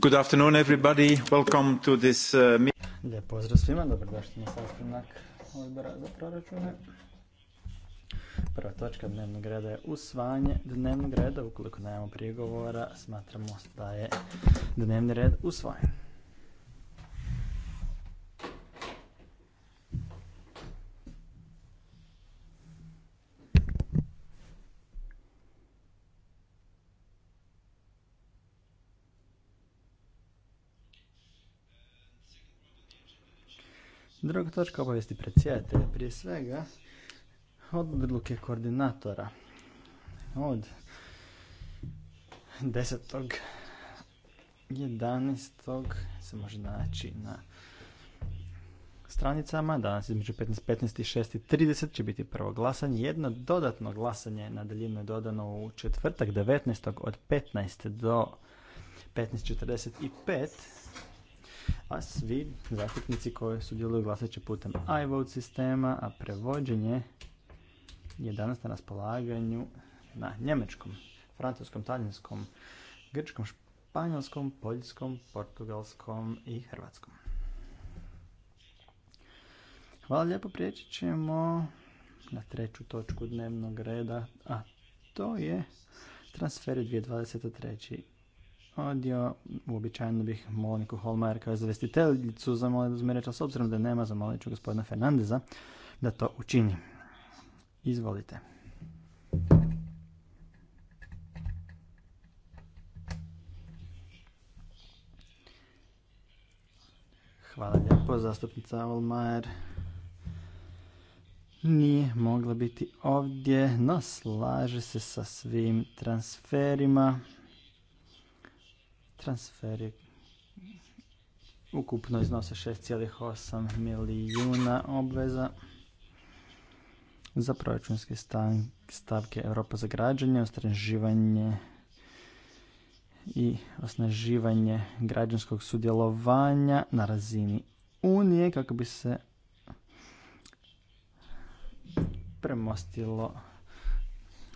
Good afternoon everybody. Welcome to this uh, Lijep pozdrav svima, dobrodošli na sastanak odbora za proračune. Prva točka dnevnog reda je usvajanje dnevnog reda. Ukoliko nemamo prigovora, smatramo da je dnevni red usvojen. Druga točka obavijesti predsjedatelja. Prije svega, odluke koordinatora od 10.11. se može naći na stranicama. Danas između 15.15 i 6.30 će biti prvo glasanje. Jedno dodatno glasanje na daljinu je dodano u četvrtak 19. od 15 do 15.45 a svi zastupnici koji sudjeluju glasat će putem iVote sistema, a prevođenje je danas na raspolaganju na njemačkom, francuskom, talijanskom, grčkom, španjolskom, poljskom, portugalskom i hrvatskom. Hvala lijepo, prijeći ćemo na treću točku dnevnog reda, a to je transferi 2023 odio, uobičajeno bih Molniku Holmajer kao izvestiteljicu za da s obzirom da nema, za ću gospodina Fernandeza da to učini. Izvolite. Hvala lijepo, zastupnica Olmajer nije mogla biti ovdje, no slaže se sa svim transferima. Transferi ukupno iznose 6,8 milijuna obveza za proračunske stavke Europa za građanje, ostraživanje i osnaživanje građanskog sudjelovanja na razini Unije kako bi se premostilo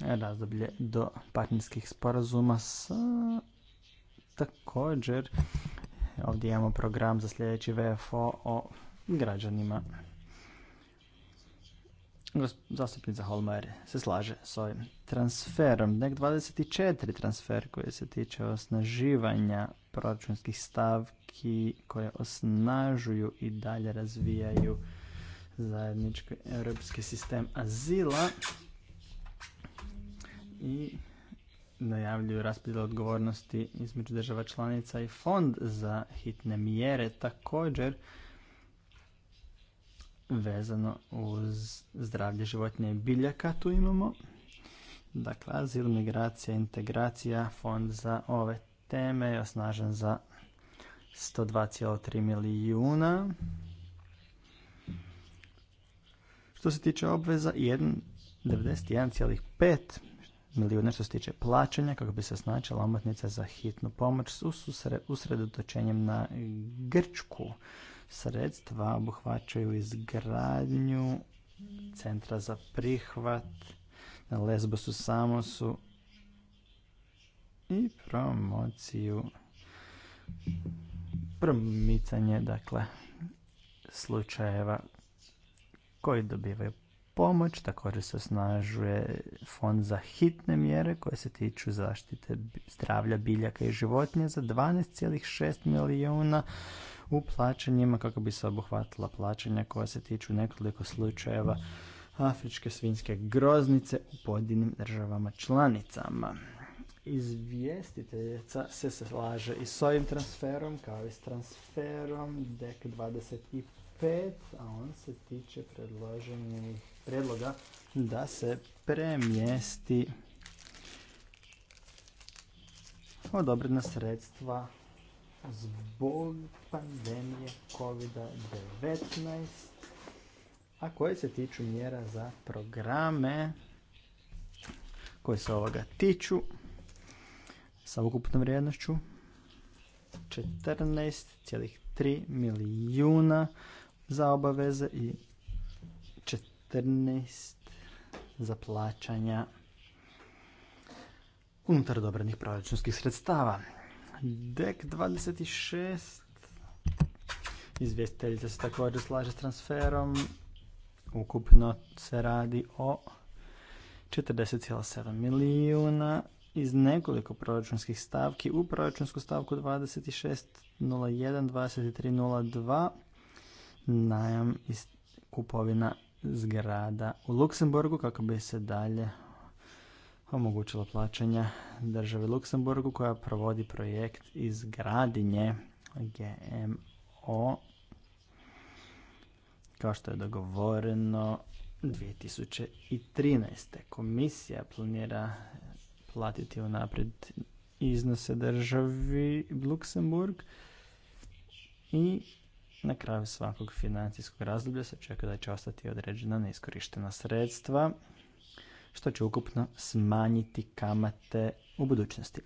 razdoblje do partnerskih sporazuma sa Također, ovdje imamo program za sljedeći VFO o građanima. Zastupnica Holmajer se slaže s ovim transferom. Nek 24 transfer koji se tiče osnaživanja proračunskih stavki koje osnažuju i dalje razvijaju zajednički europski sistem azila i najavljuju raspodjele odgovornosti između država članica i fond za hitne mjere također vezano uz zdravlje životinje i biljaka tu imamo. Dakle, azil, migracija, integracija, fond za ove teme je osnažen za 102,3 milijuna. Što se tiče obveza, 91,5 milijuna što se tiče plaćanja kako bi se snačila omotnica za hitnu pomoć s usredotočenjem na Grčku. Sredstva obuhvaćaju izgradnju centra za prihvat na Lesbosu Samosu i promociju promicanje dakle slučajeva koji dobivaju pomoć, također se osnažuje fond za hitne mjere koje se tiču zaštite zdravlja biljaka i životinja za 12,6 milijuna u plaćanjima kako bi se obuhvatila plaćanja koja se tiču nekoliko slučajeva afričke svinjske groznice u pojedinim državama članicama. Izvjestiteljica se slaže i s ovim transferom kao i s transferom e DEK pet a on se tiče predloženih predloga da se premjesti odobrena sredstva zbog pandemije COVID-19, a koje se tiču mjera za programe koje se ovoga tiču sa ukupnom vrijednošću 14,3 milijuna za obaveze i 14 za plaćanja unutar dobranih proračunskih sredstava. Dek 26 izvjestiteljica se također slaže s transferom. Ukupno se radi o 40,7 milijuna iz nekoliko proračunskih stavki u proračunsku stavku 2601.2302 najam i kupovina zgrada u Luksemburgu kako bi se dalje omogućilo plaćanje države Luksemburgu koja provodi projekt izgradnje GMO kao što je dogovoreno 2013. Komisija planira platiti unaprijed iznose državi Luksemburg i na kraju svakog financijskog razdoblja se očekuje da će ostati određena neiskorištena sredstva, što će ukupno smanjiti kamate u budućnosti.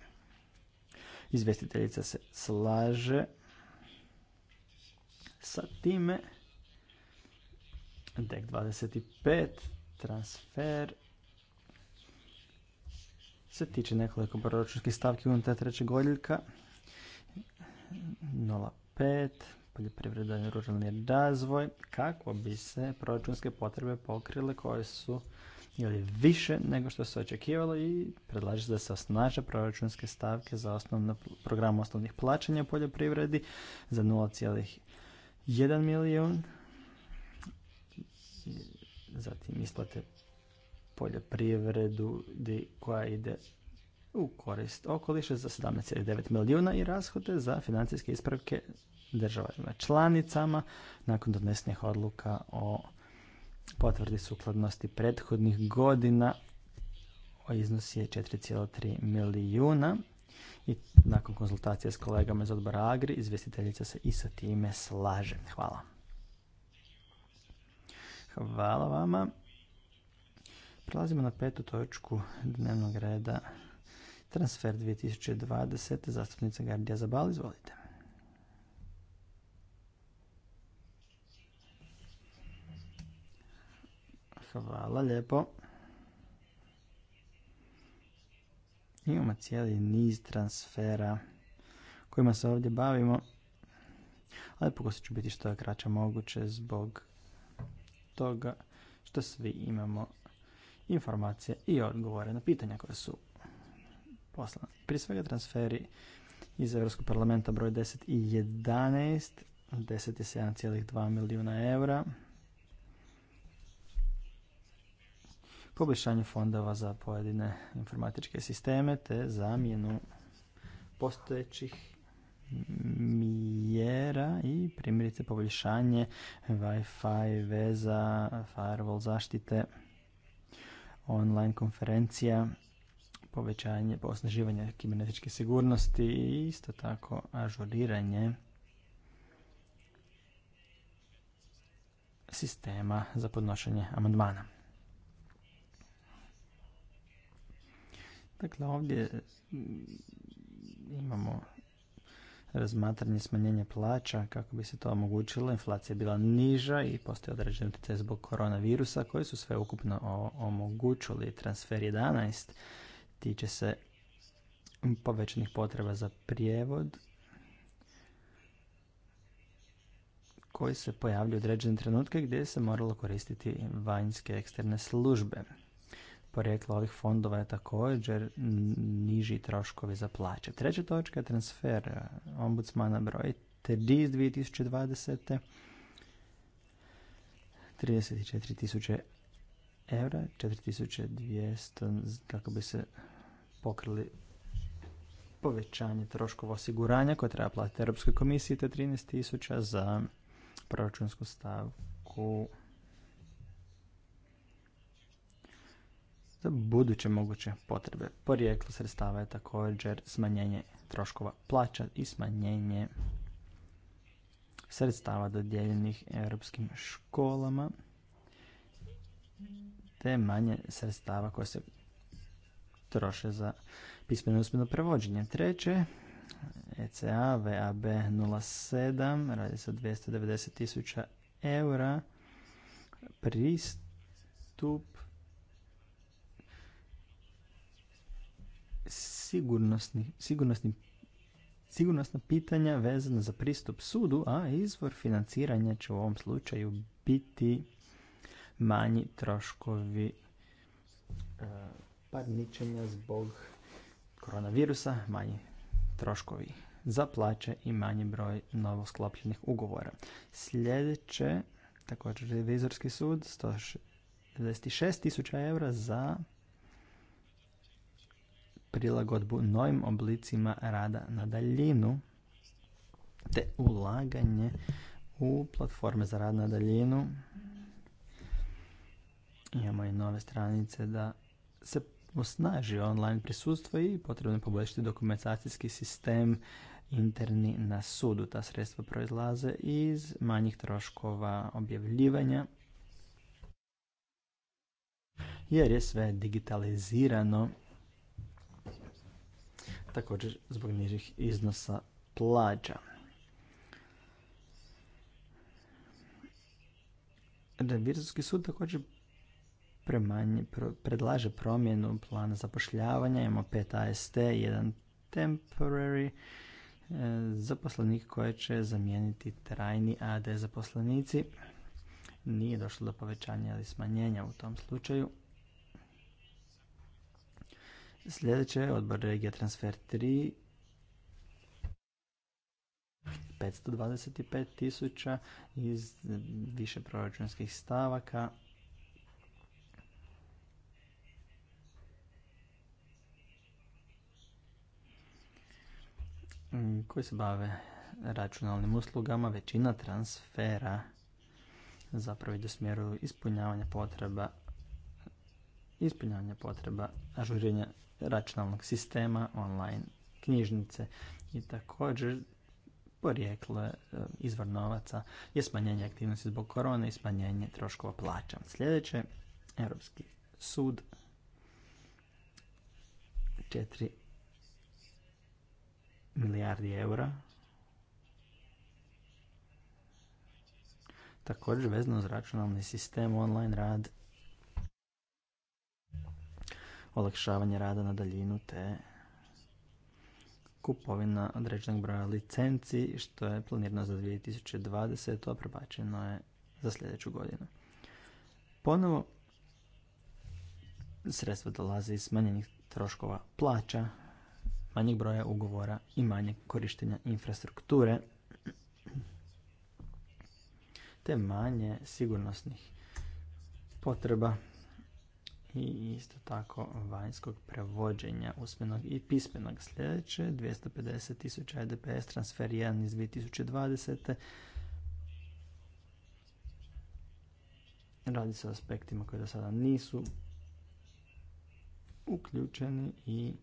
Izvestiteljica se slaže sa time. Dek 25, transfer, se tiče nekoliko proračunskih stavki unutar trećeg odjeljka. 0,5 poljoprivreda i ruralni razvoj kako bi se proračunske potrebe pokrile koje su ili više nego što se očekivalo i predlaže da se osnaže proračunske stavke za osnovno, program osnovnih plaćanja u poljoprivredi za 0,1 milijun zatim isplate poljoprivredu koja ide u korist okoliša za 17,9 milijuna i rashode za financijske ispravke državama članicama nakon donesenih odluka o potvrdi sukladnosti prethodnih godina o ovaj iznosi je 4,3 milijuna i nakon konzultacije s kolegama iz odbora Agri izvjestiteljica se i sa time slaže. Hvala. Hvala vama. Prelazimo na petu točku dnevnog reda. Transfer 2020. Zastupnica Gardija Zabal, izvolite. Hvala lijepo. Imamo cijeli niz transfera kojima se ovdje bavimo. Ali pokusit ću biti što je kraće moguće zbog toga što svi imamo informacije i odgovore na pitanja koje su poslane. Prije svega transferi iz Europskog parlamenta broj 10 i 11. 10 je 7,2 milijuna eura. poboljšanje fondova za pojedine informatičke sisteme te zamjenu postojećih mjera i primjerice poboljšanje Wi-Fi veza, firewall zaštite, online konferencija, povećanje, osnaživanje kibernetičke sigurnosti i isto tako ažuriranje sistema za podnošenje amandmana. Dakle, ovdje mm, imamo razmatranje smanjenja plaća kako bi se to omogućilo. Inflacija je bila niža i postoje određen utjecaj zbog koronavirusa koji su sve ukupno omogućili. Transfer 11 tiče se povećanih potreba za prijevod koji se u određene trenutke gdje se moralo koristiti vanjske eksterne službe porijekla ovih fondova je također niži troškovi za plaće. Treća točka je transfer e, ombudsmana broj 3 iz 2020. 34.000 eura, 4.200 kako bi se pokrili povećanje troškova osiguranja koje treba platiti Europskoj komisiji, te 13.000 za proračunsku stavku za buduće moguće potrebe. Porijeklo sredstava je također smanjenje troškova plaća i smanjenje sredstava dodijeljenih europskim školama te manje sredstava koje se troše za pismeno uspjeno prevođenje. Treće, ECA VAB 07, radi se o 290 tisuća eura, pristup sigurnosna pitanja vezana za pristup sudu, a izvor financiranja će u ovom slučaju biti manji troškovi e, parničenja zbog koronavirusa, manji troškovi za plaće i manji broj novosklopljenih ugovora. Sljedeće, također revizorski sud, 166 tisuća eura za prilagodbu novim oblicima rada na daljinu te ulaganje u platforme za rad na daljinu. Imamo i nove stranice da se osnaži online prisustvo i potrebno je poboljšati dokumentacijski sistem interni na sudu. Ta sredstva proizlaze iz manjih troškova objavljivanja jer je sve digitalizirano također zbog nižih iznosa plaća. Revizorski sud također predlaže promjenu plana zapošljavanja. Imamo 5 AST, jedan temporary e, zaposlenik koje će zamijeniti trajni AD zaposlenici. Nije došlo do povećanja ili smanjenja u tom slučaju. Sljedeće je odbor regija transfer 3. 525 tisuća iz više proračunskih stavaka. koji se bave računalnim uslugama, većina transfera zapravo ide u smjeru ispunjavanja potreba ispunjavanja potreba ažuriranja računalnog sistema, online knjižnice i također porijeklo e, izvor novaca je smanjenje aktivnosti zbog korone i smanjenje troškova plaća. Sljedeće, Europski sud 4 milijardi eura. Također vezano za računalni sistem, online rad olakšavanje rada na daljinu te kupovina određenog broja licenci što je planirano za 2020, to prebačeno je za sljedeću godinu. Ponovo, sredstva dolaze iz smanjenih troškova plaća, manjeg broja ugovora i manjeg korištenja infrastrukture, te manje sigurnosnih potreba i isto tako vanjskog prevođenja usmenog i pismenog. Sljedeće, 250.000 EDPS transfer 1 iz 2020. Radi se o aspektima koji do sada nisu uključeni i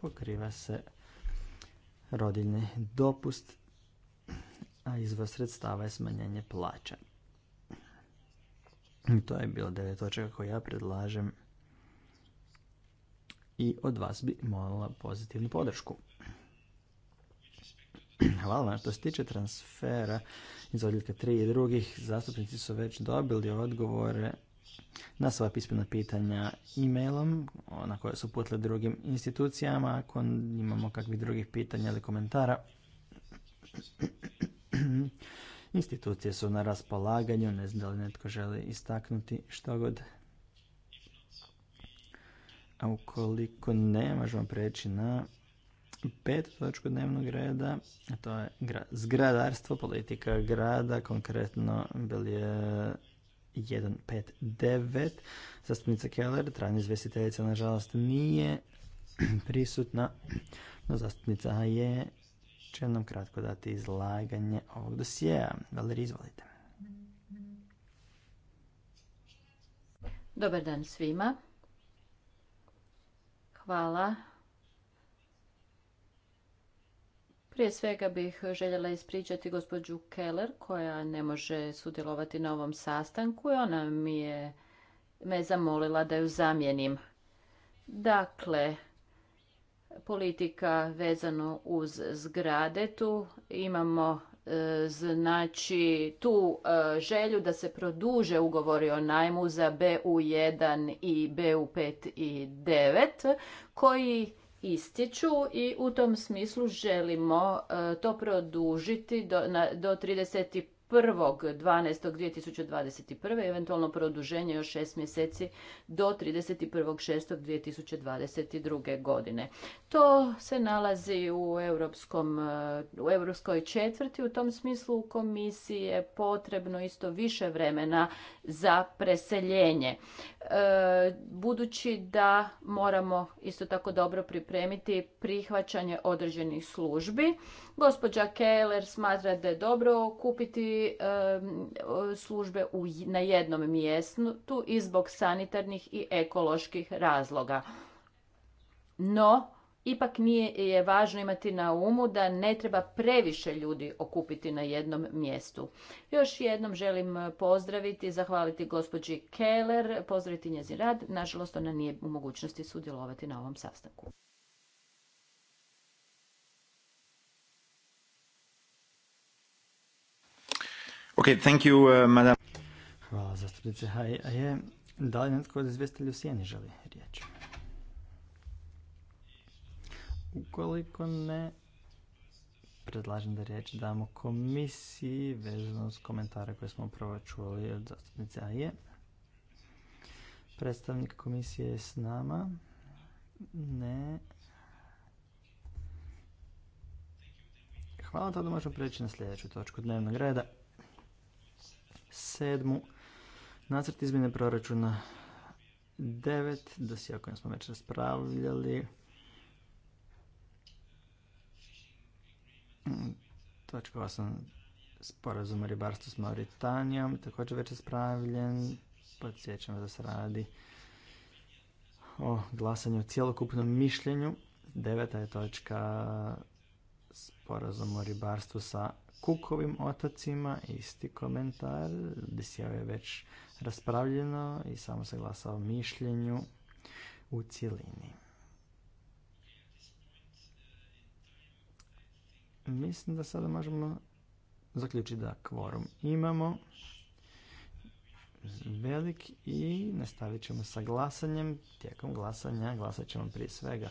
pokriva se rodiljni dopust, a izvoz sredstava je smanjenje plaća. To je bilo devet točaka koje ja predlažem i od vas bi molila pozitivnu podršku. Hvala vam. Što se tiče transfera iz odljetka 3 i drugih, zastupnici su već dobili odgovore na sva pismena pitanja e-mailom, ona koje su putle drugim institucijama. Ako imamo kakvih drugih pitanja ili komentara, Institucije su na raspolaganju, ne znam da li netko želi istaknuti što god. A ukoliko ne, možemo preći na pet točku dnevnog reda, a to je zgradarstvo, politika grada, konkretno je 159. Zastupnica Keller, trajna izvestiteljica, nažalost nije prisutna, no zastupnica je će nam kratko dati izlaganje ovog dosijeja. Valeri, izvolite. Dobar dan svima. Hvala. Prije svega bih željela ispričati gospođu Keller koja ne može sudjelovati na ovom sastanku i ona mi je me zamolila da ju zamijenim. Dakle, politika vezano uz zgrade. Tu imamo e, znači tu e, želju da se produže ugovori o najmu za BU1 i BU5 i 9 koji ističu i u tom smislu želimo e, to produžiti do, na, do 1.12.2021. eventualno produženje još šest mjeseci do 31.6.2022. godine. To se nalazi u, europskom, u europskoj četvrti. U tom smislu komisiji je potrebno isto više vremena za preseljenje. E, budući da moramo isto tako dobro pripremiti prihvaćanje određenih službi, Gospođa Keller smatra da je dobro kupiti službe na jednom mjestu tu i zbog sanitarnih i ekoloških razloga. No, ipak nije je važno imati na umu da ne treba previše ljudi okupiti na jednom mjestu. Još jednom želim pozdraviti i zahvaliti gospođi Keller, pozdraviti njezin rad. Nažalost, ona nije u mogućnosti sudjelovati na ovom sastanku. Okay, thank you, uh, Hvala zastupnice je, Da li netko od u sjeni želi riječ? Ukoliko ne, predlažem da riječ damo komisiji vezano s komentare koje smo upravo čuli od zastupnice Aje. Predstavnik komisije je s nama. Ne. Hvala, tada možemo preći na sljedeću točku dnevnog reda. 7. Nacrt izmjene proračuna 9. Dosija kojem smo već raspravljali. Točka osam. Sporazum o ribarstvu s Mauritanijom. Također već raspravljen. Podsjećam da se radi o glasanju o cijelokupnom mišljenju. Deveta je točka sporazum o ribarstvu sa Kukovim otocima, isti komentar, se je već raspravljeno i samo se glasa o mišljenju u cjelini. Mislim da sada možemo zaključiti da kvorum imamo velik i nastavit ćemo sa glasanjem. Tijekom glasanja glasat ćemo prije svega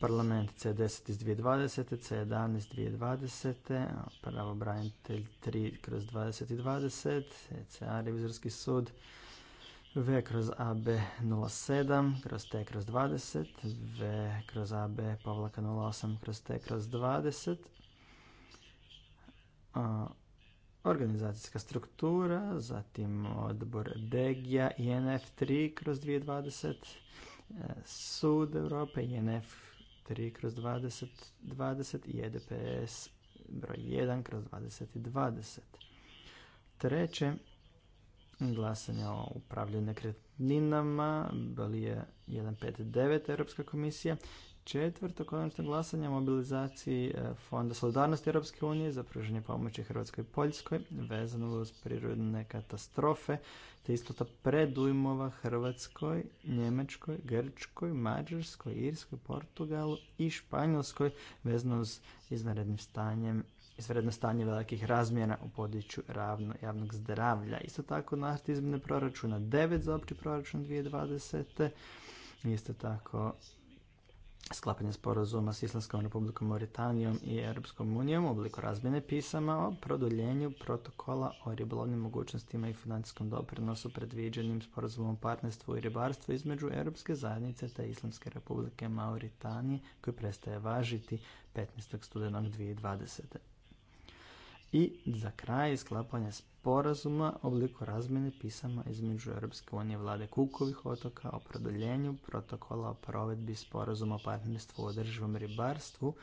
parlament C10 iz 2020, C11 iz 2020, pravobranitelj 3 kroz 20 i 20, ECA revizorski sud, V kroz AB 07 kroz T kroz 20, V kroz AB povlaka 08 kroz T kroz 20, organizacijska struktura, zatim odbor DEGIA INF 3 kroz 2020, e, Sud Evrope, INF 3 kroz 20, 20 i EDPS broj 1 kroz 20 i 20. Treće, glasanje o upravljanju nekretninama, bili je 159 Europska komisija Četvrto, konačno glasanje o mobilizaciji e, Fonda solidarnosti Europske unije za pružanje pomoći Hrvatskoj i Poljskoj vezano uz prirodne katastrofe te istota predujmova Hrvatskoj, Njemačkoj, Grčkoj, Mađarskoj, Irskoj, Portugalu i Španjolskoj vezano uz izvanrednim stanjem izvanredno stanje velikih razmjena u području ravno javnog zdravlja. Isto tako nacrt izmjene proračuna 9 za opći proračun 2020. Isto tako sklapanje sporazuma s Islamskom republikom Mauritanijom i Europskom unijom u obliku razmjene pisama o produljenju protokola o ribolovnim mogućnostima i financijskom doprinosu predviđenim sporazumom o partnerstvu i ribarstvu između Europske zajednice te Islamske republike Mauritanije koji prestaje važiti 15. studenog 2020. I za kraj sklapanje sporazuma u obliku razmjene pisama između Europske unije vlade Kukovih otoka o produljenju protokola o provedbi sporazuma o partnerstvu u održivom ribarstvu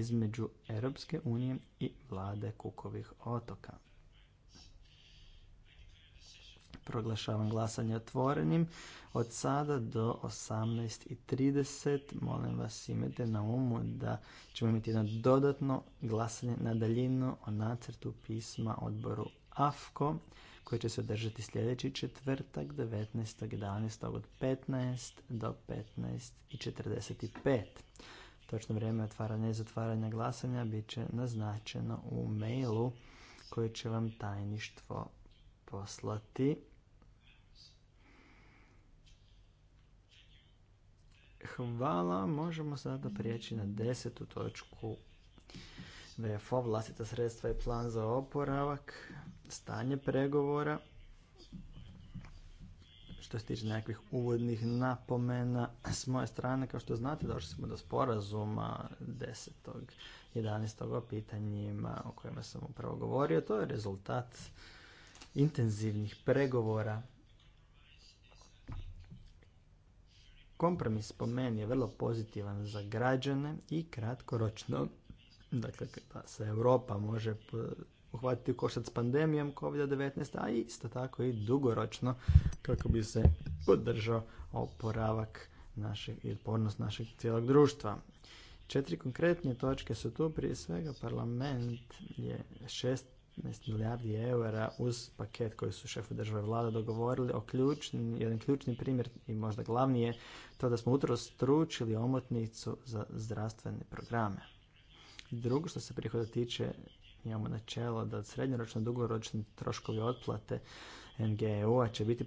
između Europske unije i vlade Kukovih otoka. Proglašavam glasanje otvorenim od sada do 18.30. Molim vas imajte na umu da ćemo imati jedno dodatno glasanje na daljinu o nacrtu pisma odboru AFKO koje će se održati sljedeći četvrtak 19.11. od 15 do 15.45. Točno vrijeme otvaranja i zatvaranja glasanja bit će naznačeno u mailu koje će vam tajništvo poslati. Hvala, možemo sada prijeći na desetu točku VFO, vlastita sredstva i plan za oporavak, stanje pregovora. Što se tiče nekakvih uvodnih napomena, s moje strane, kao što znate, došli smo do sporazuma 10. 11. o pitanjima o kojima sam upravo govorio. To je rezultat intenzivnih pregovora Kompromis po meni je vrlo pozitivan za građane i kratkoročno, dakle da se Europa može uhvatiti u košac s pandemijom COVID-19, a isto tako i dugoročno kako bi se podržao oporavak našeg i odpornost našeg cijelog društva. Četiri konkretne točke su tu, prije svega parlament je šest milijardi eura uz paket koji su šefu države vlada dogovorili o ključni, jedan ključni primjer i možda glavni je to da smo stručili omotnicu za zdravstvene programe. Drugo što se prihoda tiče imamo načelo da srednjoročno dugoročni troškovi otplate NGO-a će biti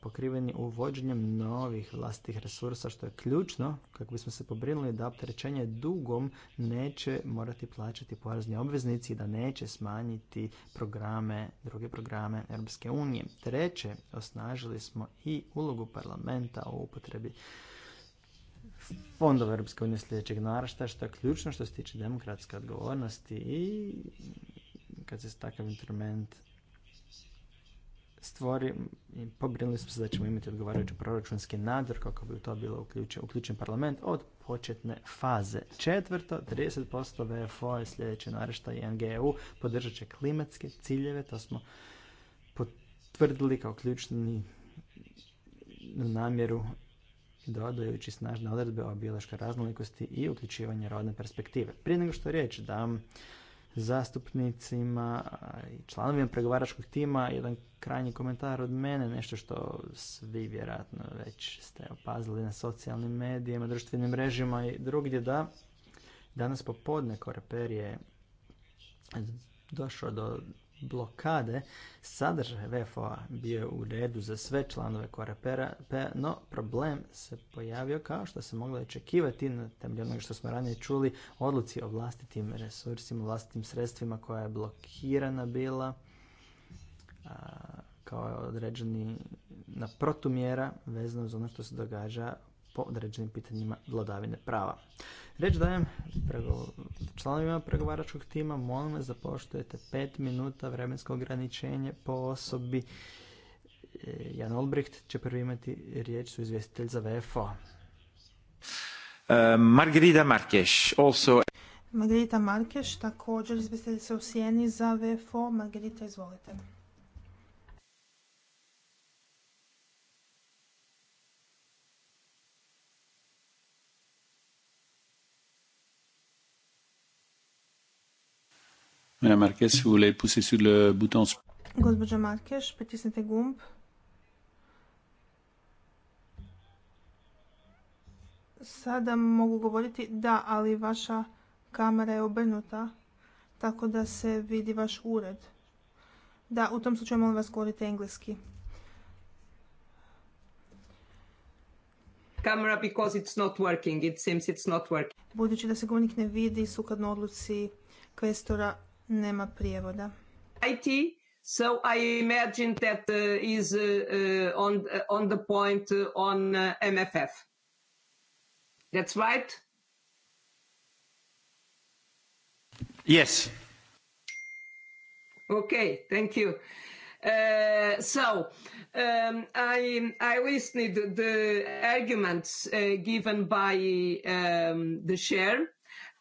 pokriveni uvođenjem novih vlastitih resursa, što je ključno kako bismo se pobrinuli da opterećenje dugom neće morati plaćati porezni obveznici i da neće smanjiti programe, druge programe Europske unije. Treće, osnažili smo i ulogu parlamenta o upotrebi fondova Europske unije sljedećeg narašta, što je ključno što se tiče demokratske odgovornosti i kad se takav instrument stvori i pobrinuli smo se da ćemo imati odgovarajući proračunski nadzor kako bi to bilo uključen, uključen parlament od početne faze. Četvrto, 30% VFO je sljedeće narašta i NGU podržat će klimatske ciljeve, to smo potvrdili kao ključni namjeru dodajući snažne odredbe o biološkoj raznolikosti i uključivanje rodne perspektive. Prije nego što riječ dam zastupnicima i članovima pregovaračkog tima jedan krajnji komentar od mene, nešto što svi vjerojatno već ste opazili na socijalnim medijama, društvenim mrežima i drugdje da danas popodne Koreper je došao do blokade, sadržaj VFO-a bio je u redu za sve članove Korepera, no problem se pojavio kao što se moglo očekivati na temelju onoga što smo ranije čuli, odluci o vlastitim resursima, vlastitim sredstvima koja je blokirana bila, kao je određeni na protumjera vezano za ono što se događa po određenim pitanjima vladavine prava. Reč dajem prego članovima pregovaračkog tima, molim vas da poštujete pet minuta vremensko ograničenje po osobi. E, Jan Olbricht će prvi imati riječ su izvjestitelj za VFO. Uh, e, Margarita Markeš, also... Margarita Markeš, također izvjestitelj se u Sijeni za VFO. Margarita, izvolite. Madame Marquez, vous voulez pousser sur le bouton. Gospođo Markeš, pritisnite gumb. Sada mogu govoriti da, ali vaša kamera je obrnuta, tako da se vidi vaš ured. Da, u tom slučaju molim vas govorite engleski. it's not working. It seems it's not working. Budući da se govornik ne vidi sukladno odluci kvestora nema prijevoda. IT, so I imagine that uh, is uh, uh, on, on the point on MFF. That's right? Yes. Okay, thank you. Uh, so um, I, I listened the arguments uh, given by um, the share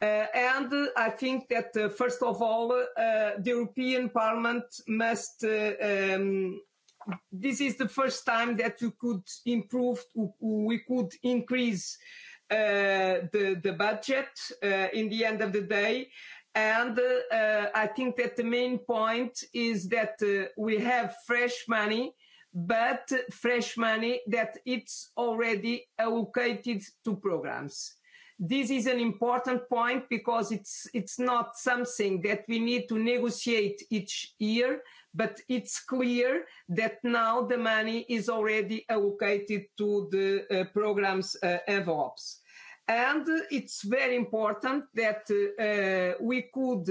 Uh, and I think that, uh, first of all, uh, the European Parliament must um, this is the first time that we could improve, we could increase uh, the, the budget uh, in the end of the day. And uh, I think that the main point is that uh, we have fresh money, but fresh money that it's already allocated to programs this is an important point because it's it's not something that we need to negotiate each year but it's clear that now the money is already allocated to the uh, program's uh, envelopes and it's very important that uh, uh we could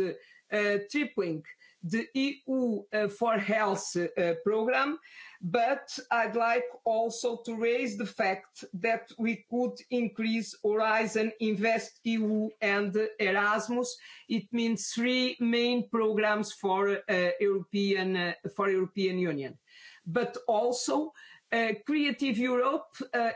uh, tripling the eu uh, for health uh, program but i'd like also to raise the fact that we could increase horizon EU e and erasmus it means three main programs for the uh, uh, european union but also uh, creative europe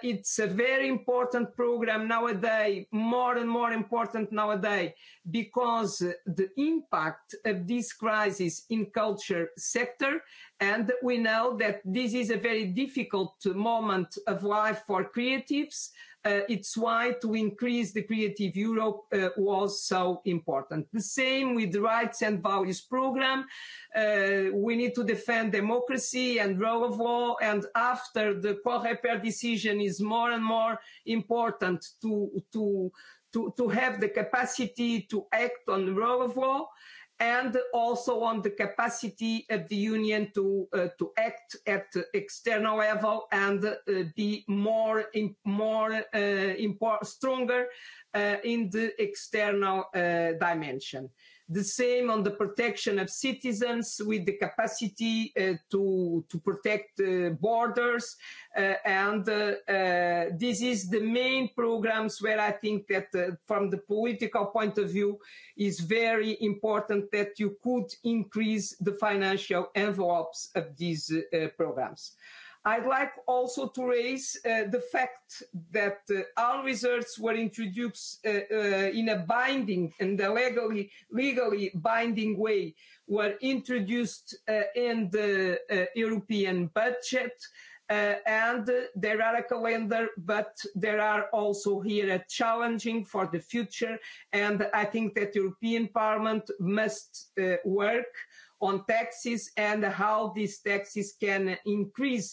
it's a very important program nowadays more and more important nowadays because the impact of this crisis in the culture sector And we know that this is a very difficult moment of life for creatives. Uh, it's why to increase the Creative Europe uh, was so important. The same with the Rights and Values Program. Uh, we need to defend democracy and rule of law. And after the Coreper decision is more and more important to, to, to, to have the capacity to act on the rule of law and also on the capacity of the Union to uh, to act at external level and uh, be more in, more uh, stronger uh, in the external uh, dimension the same on the protection of citizens with the capacity uh, to to protect uh, borders uh, and uh, uh, this is the main programs where i think that uh, from the political point of view is very important that you could increase the financial envelopes of these uh, programs i'd like also to raise uh, the fact that our uh, results were introduced uh, in a binding and a legally legally binding way were introduced in the european budget and there are a calendar but there are also here a challenging for the future and i think that the european parliament must work on taxes and how these taxes can increase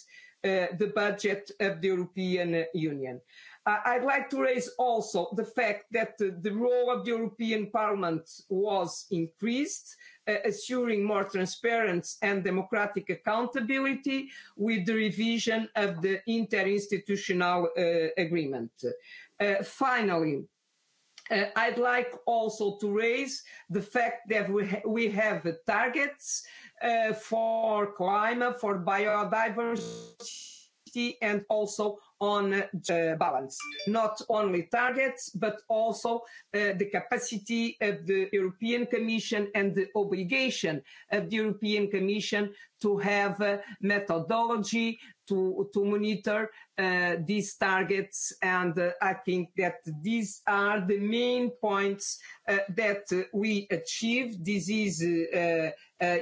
Uh, the budget of the European Union. Uh, I'd like to raise also the fact that uh, the role of the European Parliament was increased, assuring more transparency and democratic accountability with the revision of the interinstitutional agreement. Finally, Uh, I'd like also to raise the fact that we, ha we have targets Uh, for climate, for biodiversity, and also on uh, balance. Not only targets, but also uh, the capacity of the European Commission and the obligation of the European Commission to have a methodology to, to monitor uh, these targets. And uh, I think that these are the main points uh, that we achieve. This is uh,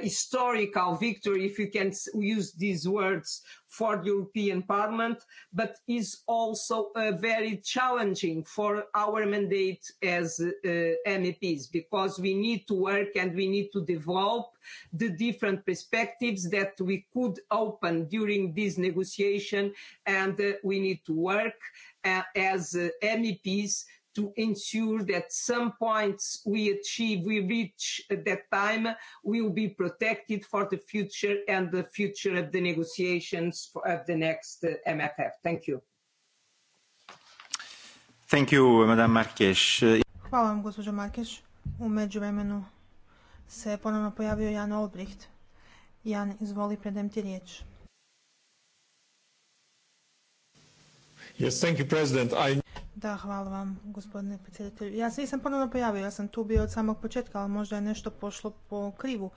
historical victory if you can use these words for the european parliament but is also very challenging for our mandate as uh, meps because we need to work and we need to develop the different perspectives that we could open during this negotiation and uh, we need to work uh, as uh, meps to ensure that some points we achieve, we reach at that time, will be protected for the future and the future of the negotiations of the next uh, MFF. Thank you. Thank you, Madam Markeš. Hvala vam, gospođo Markeš. U među vremenu se ponovno pojavio Jan Olbricht. Jan, izvoli, predajem ti riječ. Yes, thank you, President. I... Da, hvala vam, gospodine predsjedatelju. Ja se nisam ponovno pojavio, ja sam tu bio od samog početka, ali možda je nešto pošlo po krivu.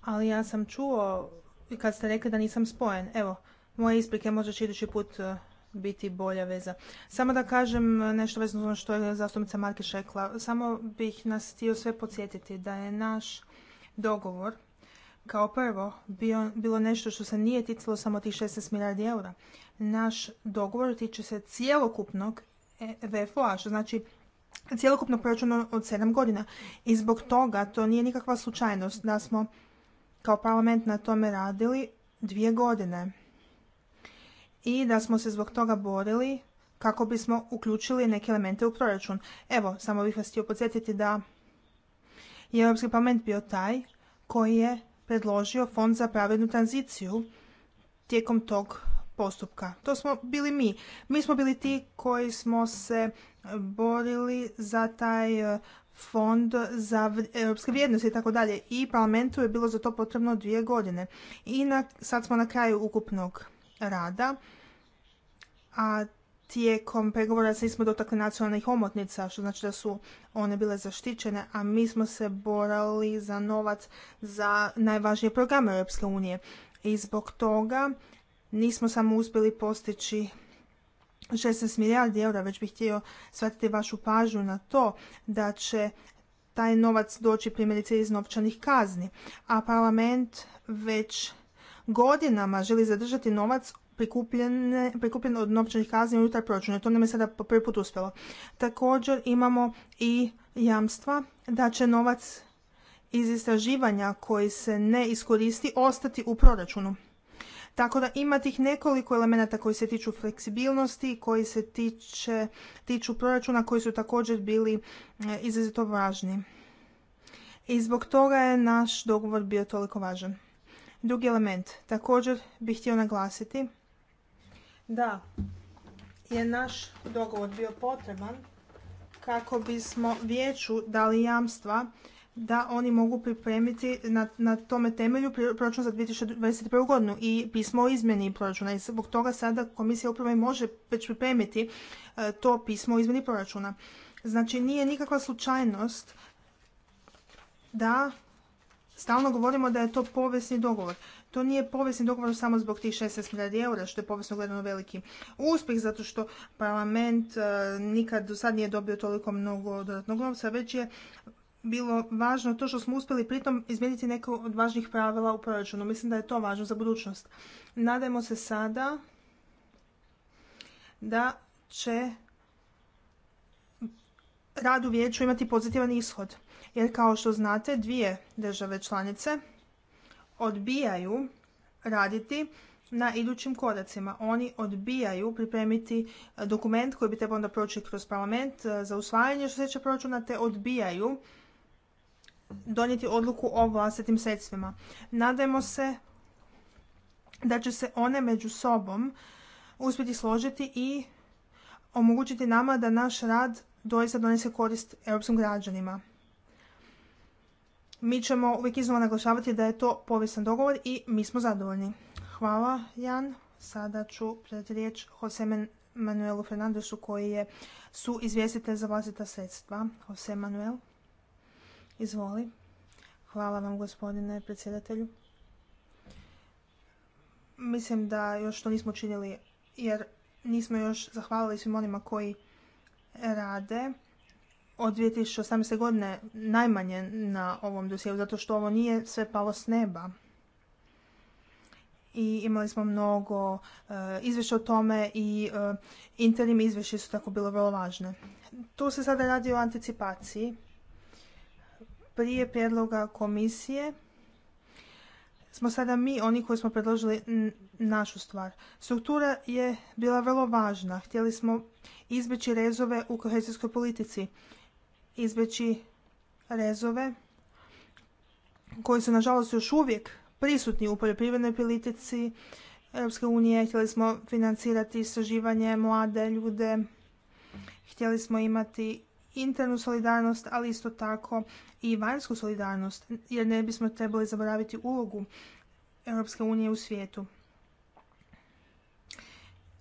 Ali ja sam čuo i kad ste rekli da nisam spojen. Evo, moje isprike možda će idući put e, biti bolja veza. Samo da kažem nešto vezano ono što je zastupnica Markiš rekla. Samo bih nas htio sve podsjetiti da je naš dogovor kao prvo bilo nešto što se nije ticalo samo tih 16 milijardi eura. Naš dogovor tiče se cjelokupnog E, vfo znači cjelokupno proračun od sedam godina. I zbog toga to nije nikakva slučajnost da smo kao parlament na tome radili dvije godine. I da smo se zbog toga borili kako bismo uključili neke elemente u proračun. Evo, samo bih vas htio podsjetiti da je Europski parlament bio taj koji je predložio fond za pravednu tranziciju tijekom tog postupka. To smo bili mi. Mi smo bili ti koji smo se borili za taj e, fond za europske vrijednosti i tako dalje. I parlamentu je bilo za to potrebno dvije godine. I sad smo na kraju ukupnog rada. A tijekom pregovora se nismo dotakli nacionalnih omotnica, što znači da su one bile zaštićene, a mi smo se borali za novac za najvažnije programe Europske unije. I zbog toga nismo samo uspjeli postići 16 milijardi eura, već bih htio shvatiti vašu pažnju na to da će taj novac doći primjerice iz novčanih kazni, a parlament već godinama želi zadržati novac prikupljen od novčanih kazni unutar proračuna. To nam je sada prvi put uspjelo. Također imamo i jamstva da će novac iz istraživanja koji se ne iskoristi ostati u proračunu. Tako da ima tih nekoliko elemenata koji se tiču fleksibilnosti, koji se tiče, tiču proračuna, koji su također bili e, izrazito važni. I zbog toga je naš dogovor bio toliko važan. Drugi element, također bih htio naglasiti da je naš dogovor bio potreban kako bismo vijeću dali jamstva da oni mogu pripremiti na, na tome temelju proračun za 2021. godinu i pismo o izmjeni proračuna. I zbog toga sada komisija upravo i može već pripremiti e, to pismo o izmjeni proračuna. Znači nije nikakva slučajnost da stalno govorimo da je to povijesni dogovor. To nije povijesni dogovor samo zbog tih 16 milijardi eura, što je povijesno gledano veliki uspjeh, zato što parlament e, nikad do sad nije dobio toliko mnogo dodatnog novca, već je bilo važno to što smo uspjeli pritom izmijeniti neko od važnih pravila u proračunu. Mislim da je to važno za budućnost. Nadajmo se sada da će rad u vijeću imati pozitivan ishod. Jer kao što znate, dvije države članice odbijaju raditi na idućim koracima. Oni odbijaju pripremiti dokument koji bi trebao onda proći kroz parlament eh, za usvajanje što se tiče proračuna, te odbijaju donijeti odluku o vlastitim sredstvima. Nadajmo se da će se one među sobom uspjeti složiti i omogućiti nama da naš rad doista donese korist europskim građanima. Mi ćemo uvijek iznova naglašavati da je to povijesan dogovor i mi smo zadovoljni. Hvala Jan. Sada ću predati riječ Jose Manuelu Fernandesu koji je su izvjestitelj za vlastita sredstva. Jose Manuel. Izvoli. Hvala vam gospodine predsjedatelju. Mislim da još to nismo činili jer nismo još zahvalili svim onima koji rade od 2018. godine najmanje na ovom dosjeu, zato što ovo nije sve palo s neba. I imali smo mnogo eh, izvješća o tome i eh, interim izvješće su tako bilo vrlo važne. Tu se sada radi o anticipaciji prije prijedloga komisije smo sada mi oni koji smo predložili našu stvar. Struktura je bila vrlo važna. Htjeli smo izbjeći rezove u kohezijskoj politici, izbjeći rezove koji su nažalost još uvijek prisutni u poljoprivrednoj politici Europske unije. Htjeli smo financirati istraživanje mlade ljude, htjeli smo imati internu solidarnost, ali isto tako i vanjsku solidarnost, jer ne bismo trebali zaboraviti ulogu Europske unije u svijetu.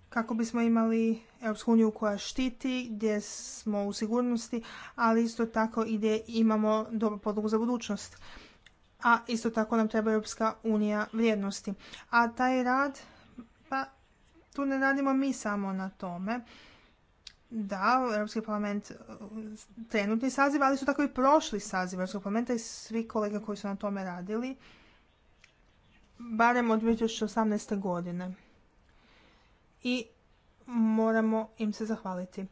Kako bismo imali Europsku uniju koja štiti, gdje smo u sigurnosti, ali isto tako i gdje imamo dobru podlogu za budućnost. A isto tako nam treba Europska unija vrijednosti. A taj rad, pa tu ne radimo mi samo na tome da, Europski parlament uh, trenutni saziv, ali su tako i prošli saziv Europskog parlamenta i svi kolege koji su na tome radili, barem od 2018. godine. I moramo im se zahvaliti.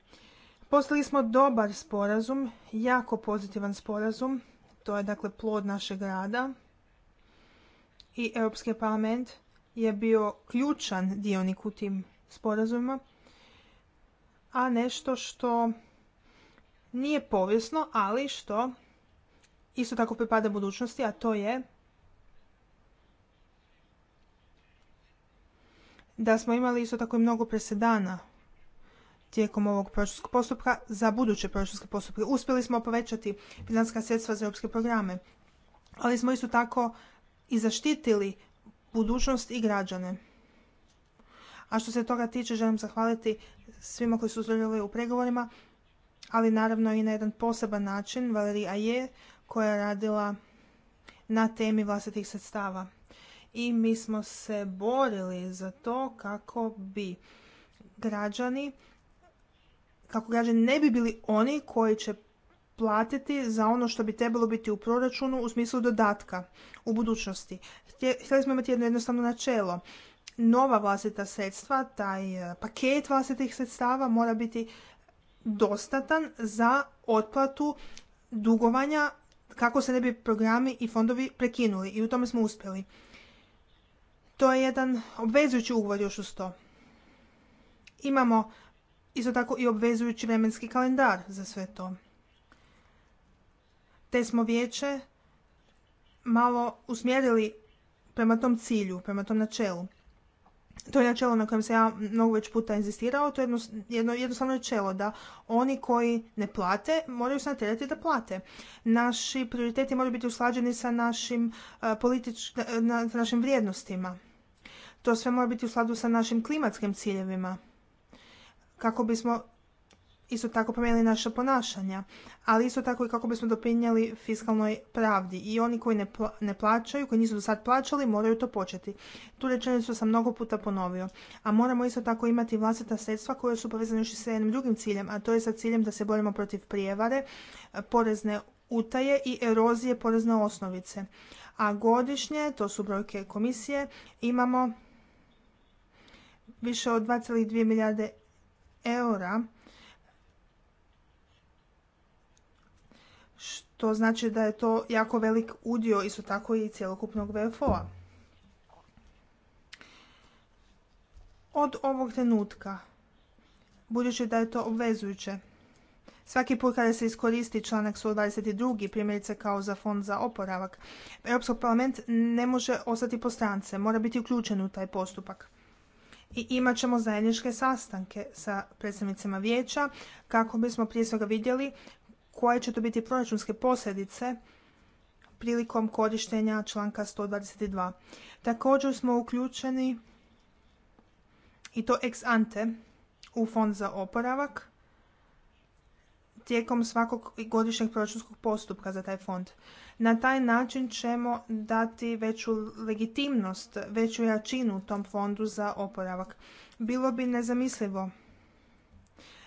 Postali smo dobar sporazum, jako pozitivan sporazum. To je dakle plod našeg rada. I Europski parlament je bio ključan dionik u tim sporazumima a nešto što nije povijesno, ali što isto tako pripada budućnosti, a to je da smo imali isto tako i mnogo presedana tijekom ovog proračunskog postupka za buduće proračunske postupke. Uspjeli smo povećati financijska sredstva za europske programe, ali smo isto tako i zaštitili budućnost i građane. A što se toga tiče, želim zahvaliti svima koji su sudjelovali u pregovorima, ali naravno i na jedan poseban način Valerie je, koja je radila na temi vlastitih sredstava. I mi smo se borili za to kako bi građani kako građani ne bi bili oni koji će platiti za ono što bi trebalo biti u proračunu u smislu dodatka u budućnosti. Htjeli smo imati jedno jednostavno načelo nova vlastita sredstva, taj e, paket vlastitih sredstava mora biti dostatan za otplatu dugovanja kako se ne bi programi i fondovi prekinuli i u tome smo uspjeli. To je jedan obvezujući ugovor još uz to. Imamo isto tako i obvezujući vremenski kalendar za sve to. Te smo vijeće malo usmjerili prema tom cilju, prema tom načelu to je načelo na kojem sam ja mnogo već puta inzistirao, to je jedno, jedno, jednostavno načelo da oni koji ne plate moraju se natjerati da plate. Naši prioriteti moraju biti usklađeni sa našim, e, sa našim vrijednostima. To sve mora biti u skladu sa našim klimatskim ciljevima kako bismo isto tako promijenili naše ponašanja, ali isto tako i kako bismo doprinijeli fiskalnoj pravdi. I oni koji ne, ne plaćaju, koji nisu do sad plaćali, moraju to početi. Tu rečenicu sam mnogo puta ponovio. A moramo isto tako imati vlastita sredstva koja su povezana još i sa jednim drugim ciljem, a to je sa ciljem da se borimo protiv prijevare, porezne utaje i erozije porezne osnovice. A godišnje, to su brojke komisije, imamo više od 2,2 milijarde eura To znači da je to jako velik udio isto tako i cjelokupnog VFO-a. Od ovog trenutka, budući da je to obvezujuće, Svaki put kada se iskoristi članak 122. primjerice kao za fond za oporavak, Europski parlament ne može ostati po strance, mora biti uključen u taj postupak. I imat ćemo zajedničke sastanke sa predstavnicima vijeća kako bismo prije svega vidjeli koje će to biti proračunske posljedice prilikom korištenja članka 122. Također smo uključeni i to ex ante u fond za oporavak tijekom svakog godišnjeg proračunskog postupka za taj fond. Na taj način ćemo dati veću legitimnost, veću jačinu tom fondu za oporavak. Bilo bi nezamislivo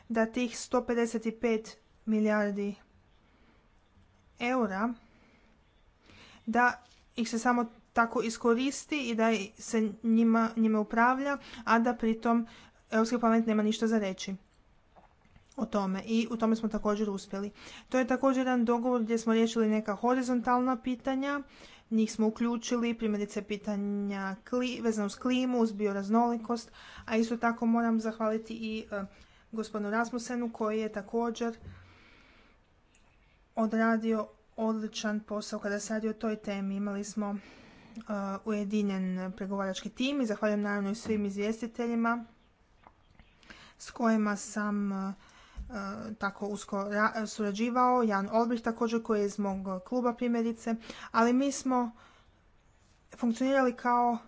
da tih 155 milijardi eura, da ih se samo tako iskoristi i da se njima, njime upravlja, a da pritom Europski parlament nema ništa za reći o tome i u tome smo također uspjeli. To je također jedan dogovor gdje smo riješili neka horizontalna pitanja, njih smo uključili, primjerice pitanja kli, vezano uz klimu, uz bioraznolikost, a isto tako moram zahvaliti i e, gospodinu Rasmusenu koji je također odradio odličan posao kada se radi o toj temi. Imali smo uh, ujedinjen pregovarački tim i zahvaljujem naravno i svim izvjestiteljima s kojima sam uh, uh, tako usko surađivao, Jan Olbrich također koji je iz mog kluba primjerice, ali mi smo funkcionirali kao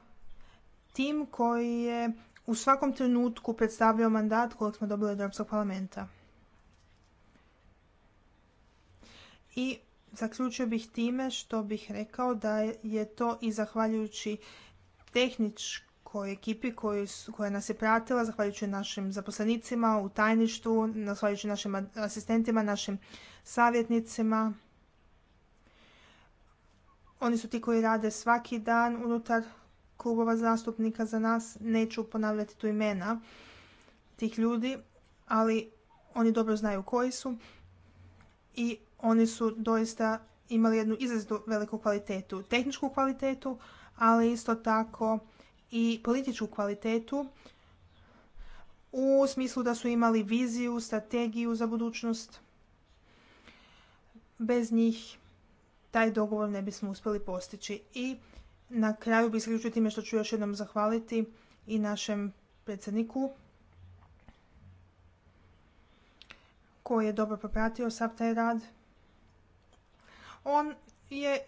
tim koji je u svakom trenutku predstavljao mandat kojeg smo dobili od Europskog parlamenta. I zaključio bih time što bih rekao da je to i zahvaljujući tehničkoj ekipi koja nas je pratila, zahvaljujući našim zaposlenicima u tajništvu, zahvaljujući našim asistentima, našim savjetnicima. Oni su ti koji rade svaki dan unutar klubova zastupnika za nas. Neću ponavljati tu imena tih ljudi, ali oni dobro znaju koji su i oni su doista imali jednu izrazito veliku kvalitetu, tehničku kvalitetu, ali isto tako i političku kvalitetu u smislu da su imali viziju, strategiju za budućnost. Bez njih taj dogovor ne bismo uspjeli postići. I na kraju bih isključio time što ću još jednom zahvaliti i našem predsjedniku koji je dobro popratio sav taj rad on je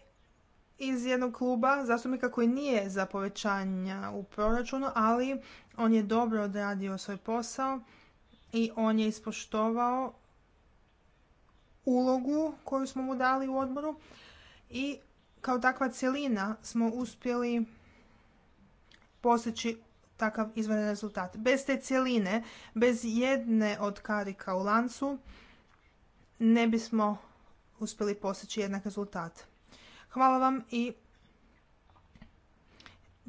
iz jednog kluba zastupnika koji nije za povećanja u proračunu, ali on je dobro odradio svoj posao i on je ispoštovao ulogu koju smo mu dali u odboru i kao takva cjelina smo uspjeli postići takav izvanredan rezultat. Bez te cjeline, bez jedne od karika u lancu ne bismo uspjeli postići jednak rezultat. Hvala vam i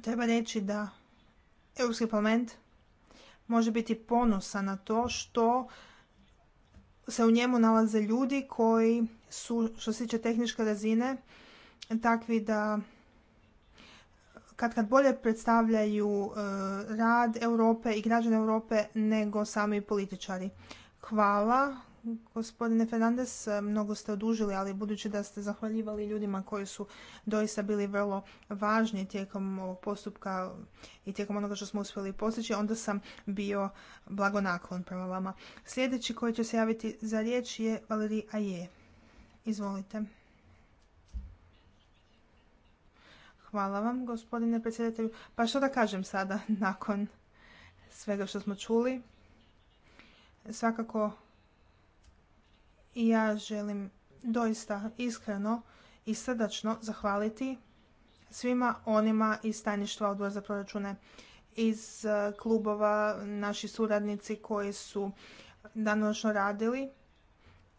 treba reći da Europski parlament može biti ponosan na to što se u njemu nalaze ljudi koji su, što se tiče tehničke razine, takvi da kad kad bolje predstavljaju e, rad Europe i građane Europe nego sami političari. Hvala Gospodine Fernandez, mnogo ste odužili, ali budući da ste zahvaljivali ljudima koji su doista bili vrlo važni tijekom ovog postupka i tijekom onoga što smo uspjeli postići, onda sam bio blagonaklon prema vama. Sljedeći koji će se javiti za riječ je valeri Aje. Izvolite. Hvala vam, gospodine predsjedatelju. Pa što da kažem sada, nakon svega što smo čuli? Svakako i ja želim doista iskreno i srdačno zahvaliti svima onima iz tajništva odbora za proračune iz e, klubova, naši suradnici koji su danonoćno radili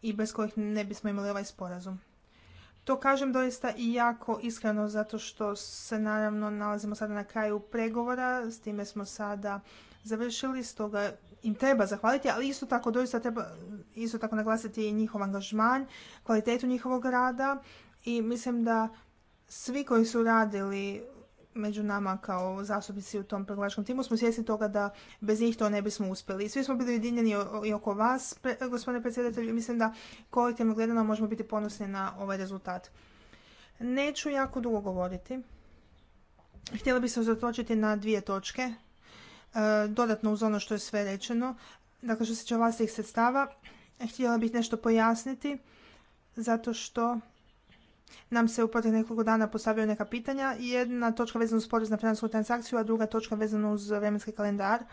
i bez kojih ne bismo imali ovaj sporazum. To kažem doista i jako iskreno zato što se naravno nalazimo sada na kraju pregovora, s time smo sada završili, stoga im treba zahvaliti, ali isto tako doista treba isto tako naglasiti i njihov angažman, kvalitetu njihovog rada i mislim da svi koji su radili među nama kao zastupnici u tom pregovaračkom timu smo svjesni toga da bez njih to ne bismo uspjeli. Svi smo bili ujedinjeni i oko vas, gospodine predsjedatelju, i mislim da kolektivno gledano možemo biti ponosni na ovaj rezultat. Neću jako dugo govoriti. Htjela bih se uzatočiti na dvije točke dodatno uz ono što je sve rečeno. Dakle, što se tiče vlastitih sredstava, htjela bih nešto pojasniti zato što nam se u proteklih nekoliko dana postavljaju neka pitanja. Jedna točka vezana uz porez na financijsku transakciju, a druga točka vezana uz vremenski kalendar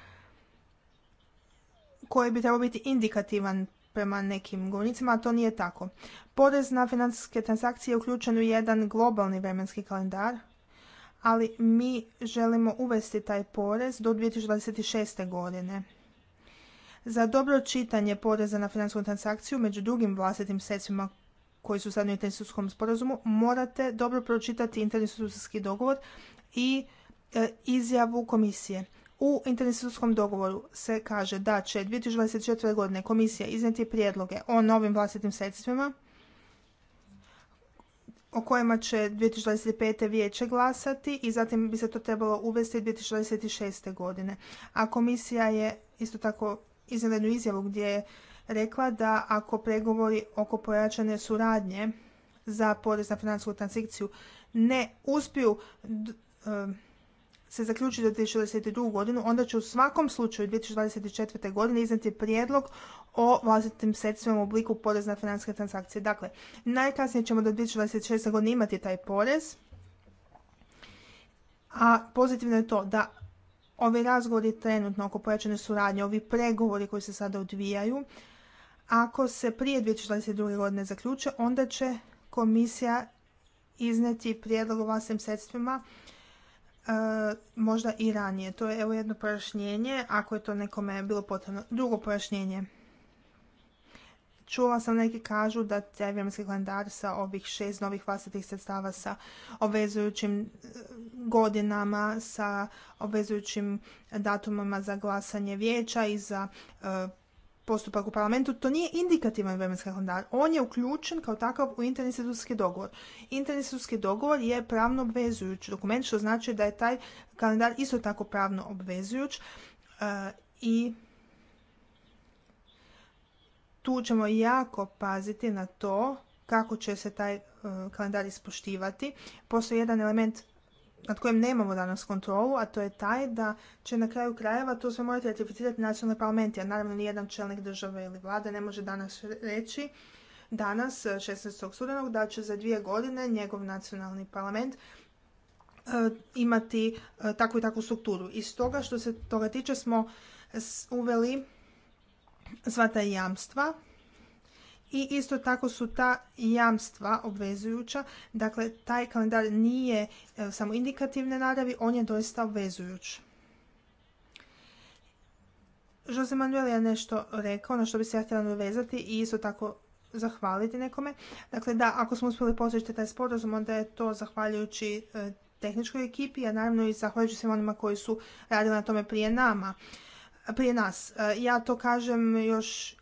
koji bi trebao biti indikativan prema nekim govornicima, a to nije tako. Porez na financijske transakcije je uključen u jedan globalni vremenski kalendar ali mi želimo uvesti taj porez do 2026. godine. Za dobro čitanje poreza na financijsku transakciju među drugim vlastitim sredstvima koji su sad u internetskom sporazumu, morate dobro pročitati interinstitucijski dogovor i e, izjavu komisije. U interinstitucijskom dogovoru se kaže da će 2024. godine komisija iznijeti prijedloge o novim vlastitim sredstvima o kojima će 2025. vijeće glasati i zatim bi se to trebalo uvesti 2026. godine. A komisija je isto tako iznijela jednu izjavu gdje je rekla da ako pregovori oko pojačane suradnje za porez na financijsku transakciju ne uspiju e, se zaključi za 2022. godinu, onda će u svakom slučaju 2024. godine iznati prijedlog o vlastitim sredstvima u obliku poreza na financijske transakcije. Dakle, najkasnije ćemo do 2026. godine imati taj porez, a pozitivno je to da ovi razgovori trenutno oko pojačane suradnje, ovi pregovori koji se sada odvijaju, ako se prije 2022. godine zaključe, onda će komisija izneti prijedlog o vlastnim sredstvima E, možda i ranije. To je evo jedno pojašnjenje, ako je to nekome bilo potrebno. Drugo pojašnjenje. Čula sam neki kažu da taj vremenski kalendar sa ovih šest novih vlastitih sredstava sa obvezujućim e, godinama, sa obvezujućim datumama za glasanje vijeća i za e, postupak u parlamentu, to nije indikativan vremenski kalendar. On je uključen kao takav u interinstitutski dogovor. Interinstitutski dogovor je pravno obvezujući dokument, što znači da je taj kalendar isto tako pravno obvezujuć eh, i tu ćemo jako paziti na to kako će se taj eh, kalendar ispoštivati. Postoji jedan element nad kojim nemamo danas kontrolu, a to je taj da će na kraju krajeva to sve morati ratificirati nacionalni parlament. a naravno nijedan čelnik države ili vlade ne može danas reći danas, 16. E, studenog, da će za dvije godine njegov nacionalni parlament e, imati e, takvu i takvu strukturu. I stoga što se toga tiče smo uveli sva ta jamstva i isto tako su ta jamstva obvezujuća. Dakle, taj kalendar nije e, samo indikativne naravi, on je doista obvezujuć. Jose Manuel je nešto rekao na što bi se ja htjela nadovezati i isto tako zahvaliti nekome. Dakle, da, ako smo uspjeli postići taj sporazum, onda je to zahvaljujući e, tehničkoj ekipi, a naravno i zahvaljujući svim onima koji su radili na tome prije nama prije nas. E, ja to kažem još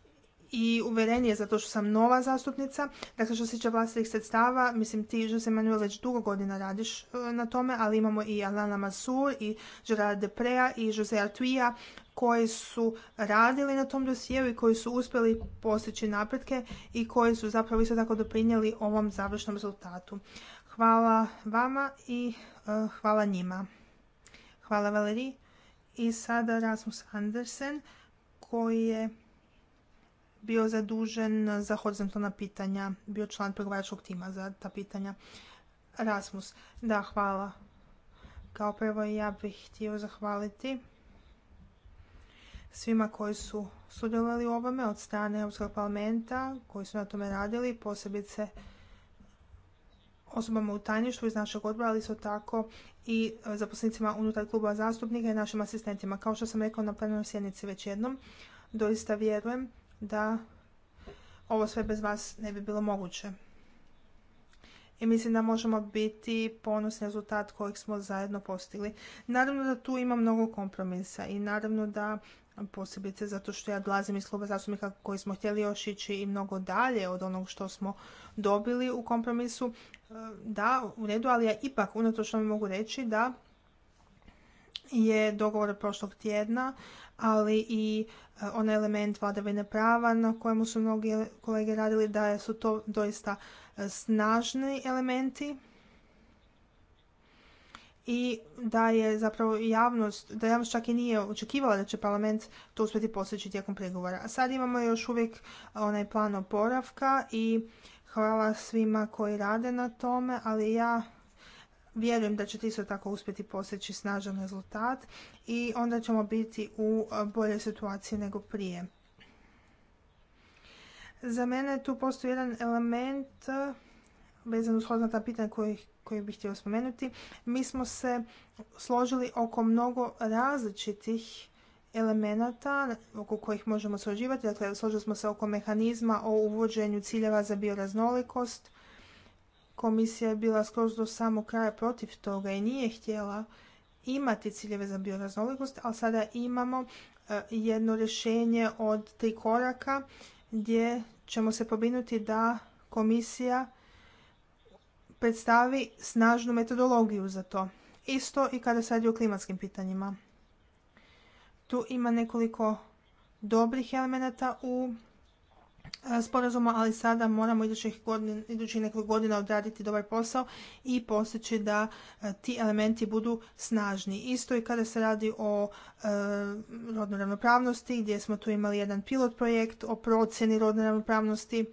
i uvjerenije zato što sam nova zastupnica. Dakle, što se tiče vlastitih sredstava, mislim ti, Jose Manuel, već dugo godina radiš e, na tome, ali imamo i Alana Masur i Gerard Deprea i Jose Artuija koji su radili na tom dosijeu i koji su uspjeli postići napretke i koji su zapravo isto tako doprinijeli ovom završnom rezultatu. Hvala vama i e, hvala njima. Hvala Valeriji. I sada Rasmus Andersen koji je bio zadužen za horizontalna pitanja, bio član pregovaračkog tima za ta pitanja. Rasmus, da, hvala. Kao prvo ja bih htio zahvaliti svima koji su sudjelovali u ovome od strane Europskog parlamenta, koji su na tome radili, posebice osobama u tajništvu iz našeg odbora, ali isto tako i zaposlenicima unutar kluba zastupnika i našim asistentima. Kao što sam rekao na plenarnoj sjednici već jednom, doista vjerujem da ovo sve bez vas ne bi bilo moguće. I mislim da možemo biti ponosni rezultat kojeg smo zajedno postigli. Naravno da tu ima mnogo kompromisa i naravno da posebice zato što ja dolazim iz kluba zastupnika koji smo htjeli još ići i mnogo dalje od onog što smo dobili u kompromisu. E, da, u redu, ali ja ipak unatoč vam mogu reći da je dogovor prošlog tjedna, ali i e, onaj element vladavine prava na kojemu su mnogi kolege radili, da su to doista e, snažni elementi i da je zapravo javnost, da javnost čak i nije očekivala da će parlament to uspjeti postići tijekom pregovora. A sad imamo još uvijek onaj plan oporavka i hvala svima koji rade na tome, ali ja Vjerujem da ćete isto tako uspjeti postići snažan rezultat i onda ćemo biti u boljoj situaciji nego prije. Za mene tu postoji jedan element vezan uz ta pitanja koji, bih htio spomenuti. Mi smo se složili oko mnogo različitih elemenata oko kojih možemo složivati. Dakle, složili smo se oko mehanizma o uvođenju ciljeva za bioraznolikost, Komisija je bila skroz do samog kraja protiv toga i nije htjela imati ciljeve za bioraznolikost, ali sada imamo e, jedno rješenje od tri koraka gdje ćemo se pobinuti da komisija predstavi snažnu metodologiju za to. Isto i kada se radi o klimatskim pitanjima. Tu ima nekoliko dobrih elemenata u E, sporazuma, ali sada moramo idućih, godin, idućih nekoliko godina odraditi dobar posao i postići da e, ti elementi budu snažni. Isto i kada se radi o e, rodnoj ravnopravnosti, gdje smo tu imali jedan pilot projekt o procjeni rodne ravnopravnosti,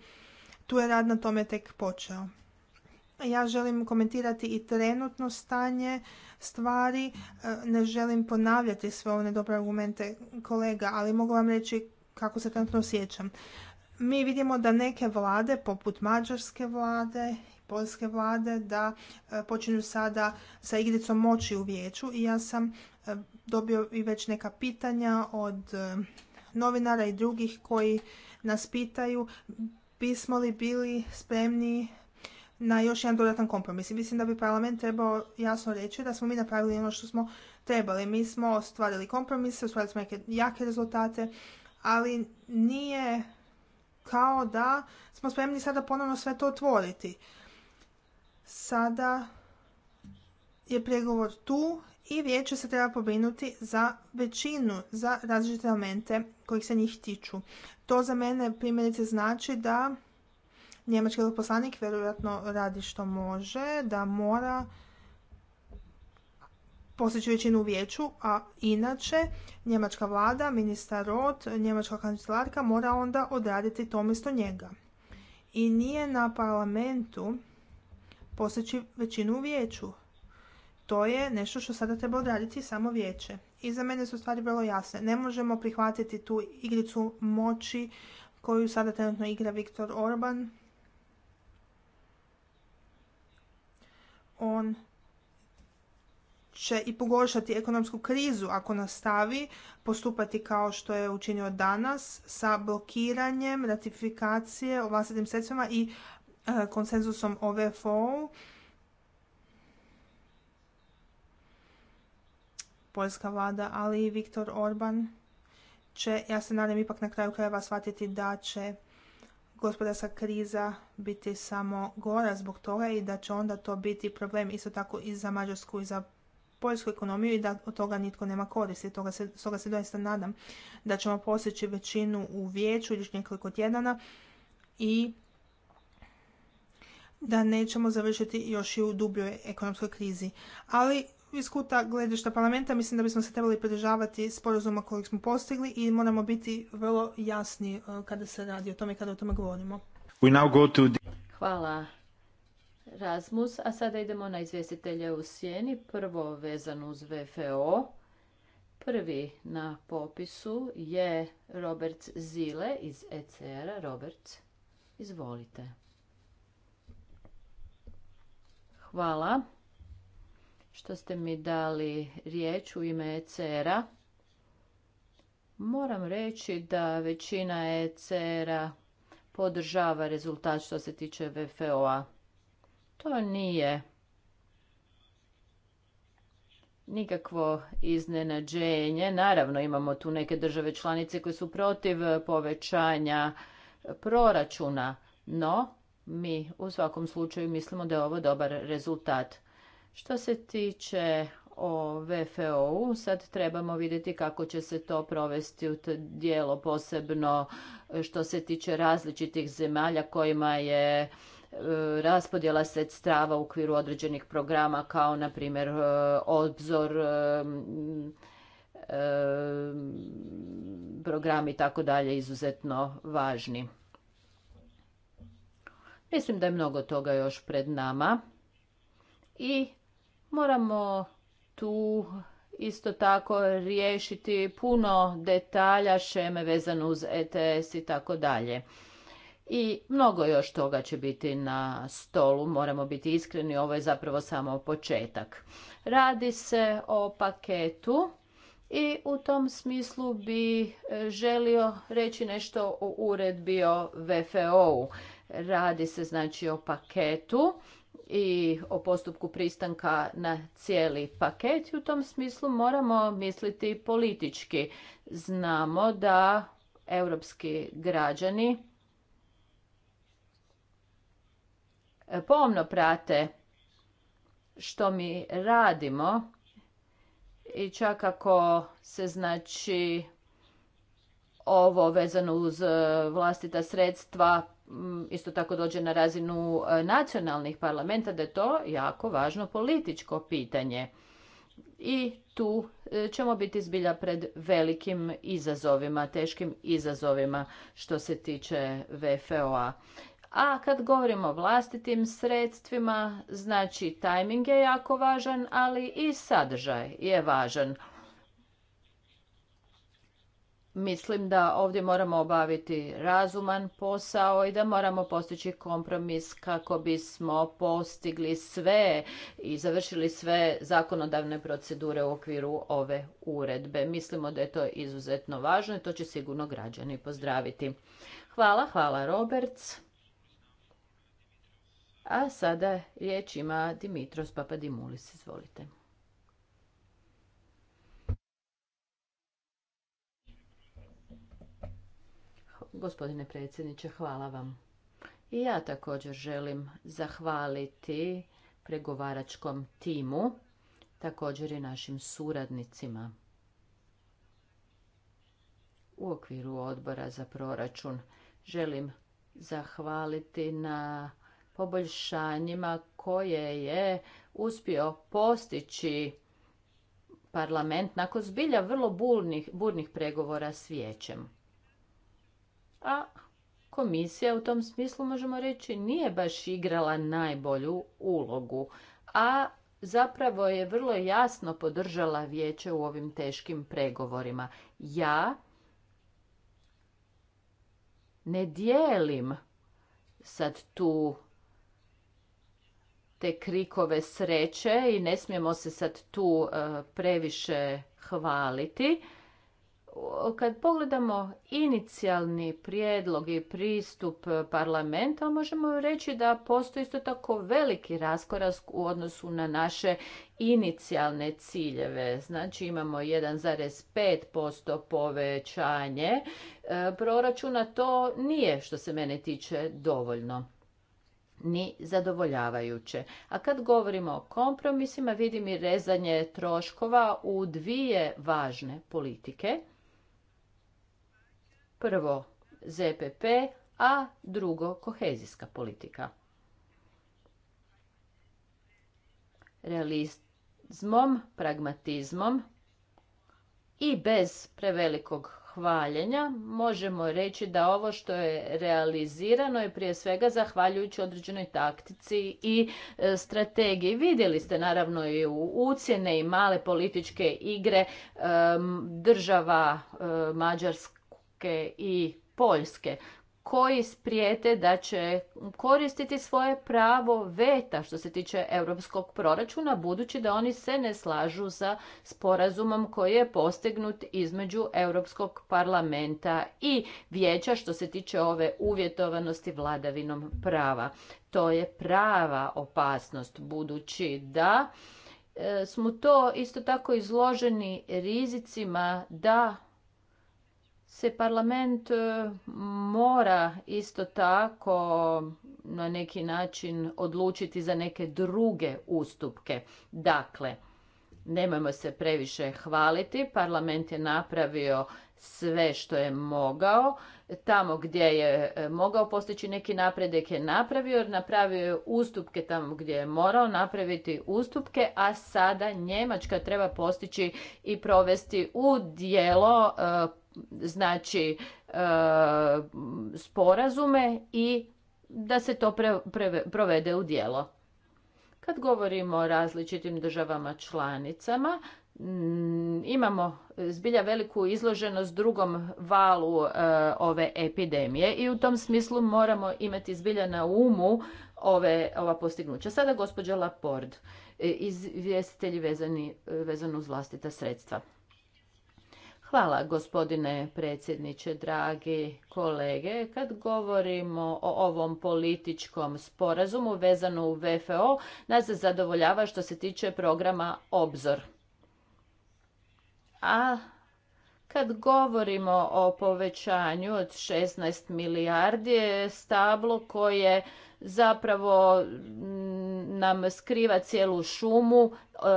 tu je rad na tome tek počeo. Ja želim komentirati i trenutno stanje stvari, ne želim ponavljati sve one dobre argumente kolega, ali mogu vam reći kako se trenutno osjećam mi vidimo da neke vlade, poput mađarske vlade i poljske vlade, da e, počinju sada sa igricom moći u vijeću i ja sam e, dobio i već neka pitanja od e, novinara i drugih koji nas pitaju bismo li bili spremni na još jedan dodatan kompromis. mislim da bi parlament trebao jasno reći da smo mi napravili ono što smo trebali. Mi smo ostvarili kompromise, ostvarili smo neke jake rezultate, ali nije kao da smo spremni sada ponovno sve to otvoriti. Sada je pregovor tu i vijeće se treba pobrinuti za većinu, za različite elemente kojih se njih tiču. To za mene primjerice znači da njemački poslanik vjerojatno radi što može, da mora postići većinu vijeću, a inače njemačka vlada, ministar Roth, njemačka kancelarka mora onda odraditi to mjesto njega. I nije na parlamentu postići većinu vijeću. To je nešto što sada treba odraditi samo vijeće. I za mene su stvari vrlo jasne. Ne možemo prihvatiti tu igricu moći koju sada trenutno igra Viktor Orban. On će i pogoršati ekonomsku krizu ako nastavi postupati kao što je učinio danas sa blokiranjem ratifikacije o vlastitim sredstvima i e, konsenzusom o vfo Poljska vlada, ali i Viktor Orban će, ja se nadam, ipak na kraju krajeva shvatiti da će gospodarska kriza biti samo gora zbog toga i da će onda to biti problem isto tako i za Mađarsku i za poljsku ekonomiju i da od toga nitko nema koristi. Toga se, stoga se doista nadam da ćemo posjeći većinu u vijeću ili nekoliko tjedana i da nećemo završiti još i u dubljoj ekonomskoj krizi. Ali iz kuta gledišta parlamenta mislim da bismo se trebali pridržavati sporazuma kojeg smo postigli i moramo biti vrlo jasni e, kada se radi o tome i kada o tome govorimo. Hvala Rasmus, a sada idemo na izvjestitelje u sjeni. Prvo vezano uz VFO. Prvi na popisu je Robert Zile iz ECR-a. Robert, izvolite. Hvala što ste mi dali riječ u ime ECR-a. Moram reći da većina ECR-a podržava rezultat što se tiče VFO-a. To nije nikakvo iznenađenje. Naravno imamo tu neke države članice koje su protiv povećanja proračuna, no mi u svakom slučaju mislimo da je ovo dobar rezultat. Što se tiče o VFO-u, sad trebamo vidjeti kako će se to provesti u dijelo, posebno što se tiče različitih zemalja kojima je raspodjela sredstava u okviru određenih programa kao na primjer e, obzor e, e, programi tako dalje izuzetno važni. Mislim da je mnogo toga još pred nama i moramo tu isto tako riješiti puno detalja, šeme vezano uz ETS i tako dalje i mnogo još toga će biti na stolu, moramo biti iskreni, ovo je zapravo samo početak. Radi se o paketu i u tom smislu bi e, želio reći nešto o uredbi o VFO-u. Radi se znači o paketu i o postupku pristanka na cijeli paket i u tom smislu moramo misliti politički. Znamo da europski građani E, pomno prate što mi radimo i čak ako se znači ovo vezano uz e, vlastita sredstva isto tako dođe na razinu e, nacionalnih parlamenta da je to jako važno političko pitanje. I tu ćemo biti zbilja pred velikim izazovima, teškim izazovima što se tiče VFO-a. A kad govorimo o vlastitim sredstvima, znači tajming je jako važan, ali i sadržaj je važan. Mislim da ovdje moramo obaviti razuman posao i da moramo postići kompromis kako bismo postigli sve i završili sve zakonodavne procedure u okviru ove uredbe. Mislimo da je to izuzetno važno i to će sigurno građani pozdraviti. Hvala, hvala Roberts. A sada riječ ima Dimitros Papadimulis, izvolite. Gospodine predsjedniče, hvala vam. I ja također želim zahvaliti pregovaračkom timu, također i našim suradnicima u okviru odbora za proračun. Želim zahvaliti na poboljšanjima koje je uspio postići parlament nakon zbilja vrlo burnih, burnih pregovora s vijećem. A komisija u tom smislu možemo reći nije baš igrala najbolju ulogu, a zapravo je vrlo jasno podržala vijeće u ovim teškim pregovorima. Ja ne dijelim sad tu te krikove sreće i ne smijemo se sad tu e, previše hvaliti. Kad pogledamo inicijalni prijedlog i pristup parlamenta, možemo reći da postoji isto tako veliki raskorak u odnosu na naše inicijalne ciljeve. Znači imamo 1,5% povećanje e, proračuna, to nije što se mene tiče dovoljno ni zadovoljavajuće. A kad govorimo o kompromisima, vidim i rezanje troškova u dvije važne politike. Prvo ZPP, a drugo kohezijska politika. Realizmom, pragmatizmom i bez prevelikog hvaljenja, možemo reći da ovo što je realizirano je prije svega zahvaljujući određenoj taktici i e, strategiji. Vidjeli ste naravno i u ucjene i male političke igre e, država e, Mađarske i Poljske koji sprijete da će koristiti svoje pravo veta što se tiče europskog proračuna, budući da oni se ne slažu sa sporazumom koji je postignut između Europskog parlamenta i vijeća što se tiče ove uvjetovanosti vladavinom prava. To je prava opasnost, budući da e, smo to isto tako izloženi rizicima da se parlament e, mora isto tako na neki način odlučiti za neke druge ustupke. Dakle, nemojmo se previše hvaliti, parlament je napravio sve što je mogao. Tamo gdje je e, mogao postići neki napredek je napravio, napravio je ustupke tamo gdje je morao napraviti ustupke, a sada Njemačka treba postići i provesti u dijelo e, znači e, sporazume i da se to provede u dijelo. Kad govorimo o različitim državama članicama, Mm, imamo zbilja veliku izloženost drugom valu e, ove epidemije i u tom smislu moramo imati zbilja na umu ove, ova postignuća. Sada gospođa Lapord, e, izvjestitelji vezani, vezano uz vlastita sredstva. Hvala gospodine predsjedniče, dragi kolege. Kad govorimo o ovom političkom sporazumu vezano u VFO, nas zadovoljava što se tiče programa Obzor a kad govorimo o povećanju od 16 milijardi je stablo koje zapravo mm, nam skriva cijelu šumu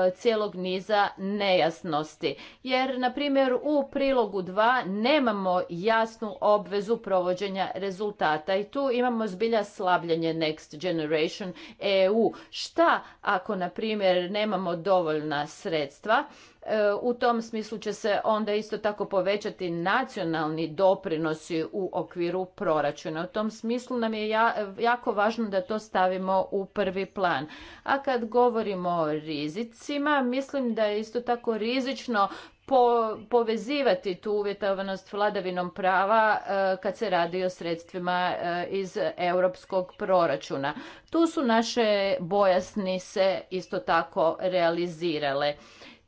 e, cijelog niza nejasnosti. Jer, na primjer, u prilogu 2 nemamo jasnu obvezu provođenja rezultata i tu imamo zbilja slabljenje Next Generation EU. Šta ako, na primjer, nemamo dovoljna sredstva? E, u tom smislu će se onda isto tako povećati nacionalni doprinosi u okviru proračuna. U tom smislu nam je jako važno da to stavimo u prvi plan. A kad govorimo o rizicima, mislim da je isto tako rizično povezivati tu uvjetovanost vladavinom prava e, kad se radi o sredstvima e, iz europskog proračuna. Tu su naše bojasni se isto tako realizirale.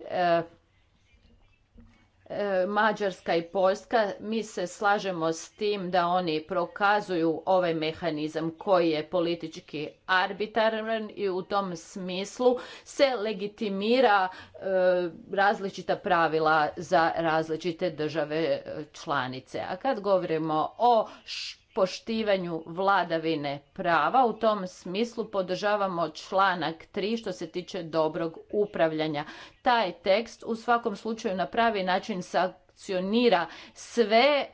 E, e, Mađarska i Poljska, mi se slažemo s tim da oni prokazuju ovaj mehanizam koji je politički arbitaran i u tom smislu se legitimira e, različita pravila za različite države članice. A kad govorimo o poštivanju vladavine prava. U tom smislu podržavamo članak 3 što se tiče dobrog upravljanja. Taj tekst u svakom slučaju na pravi način sa sankcionira sve e,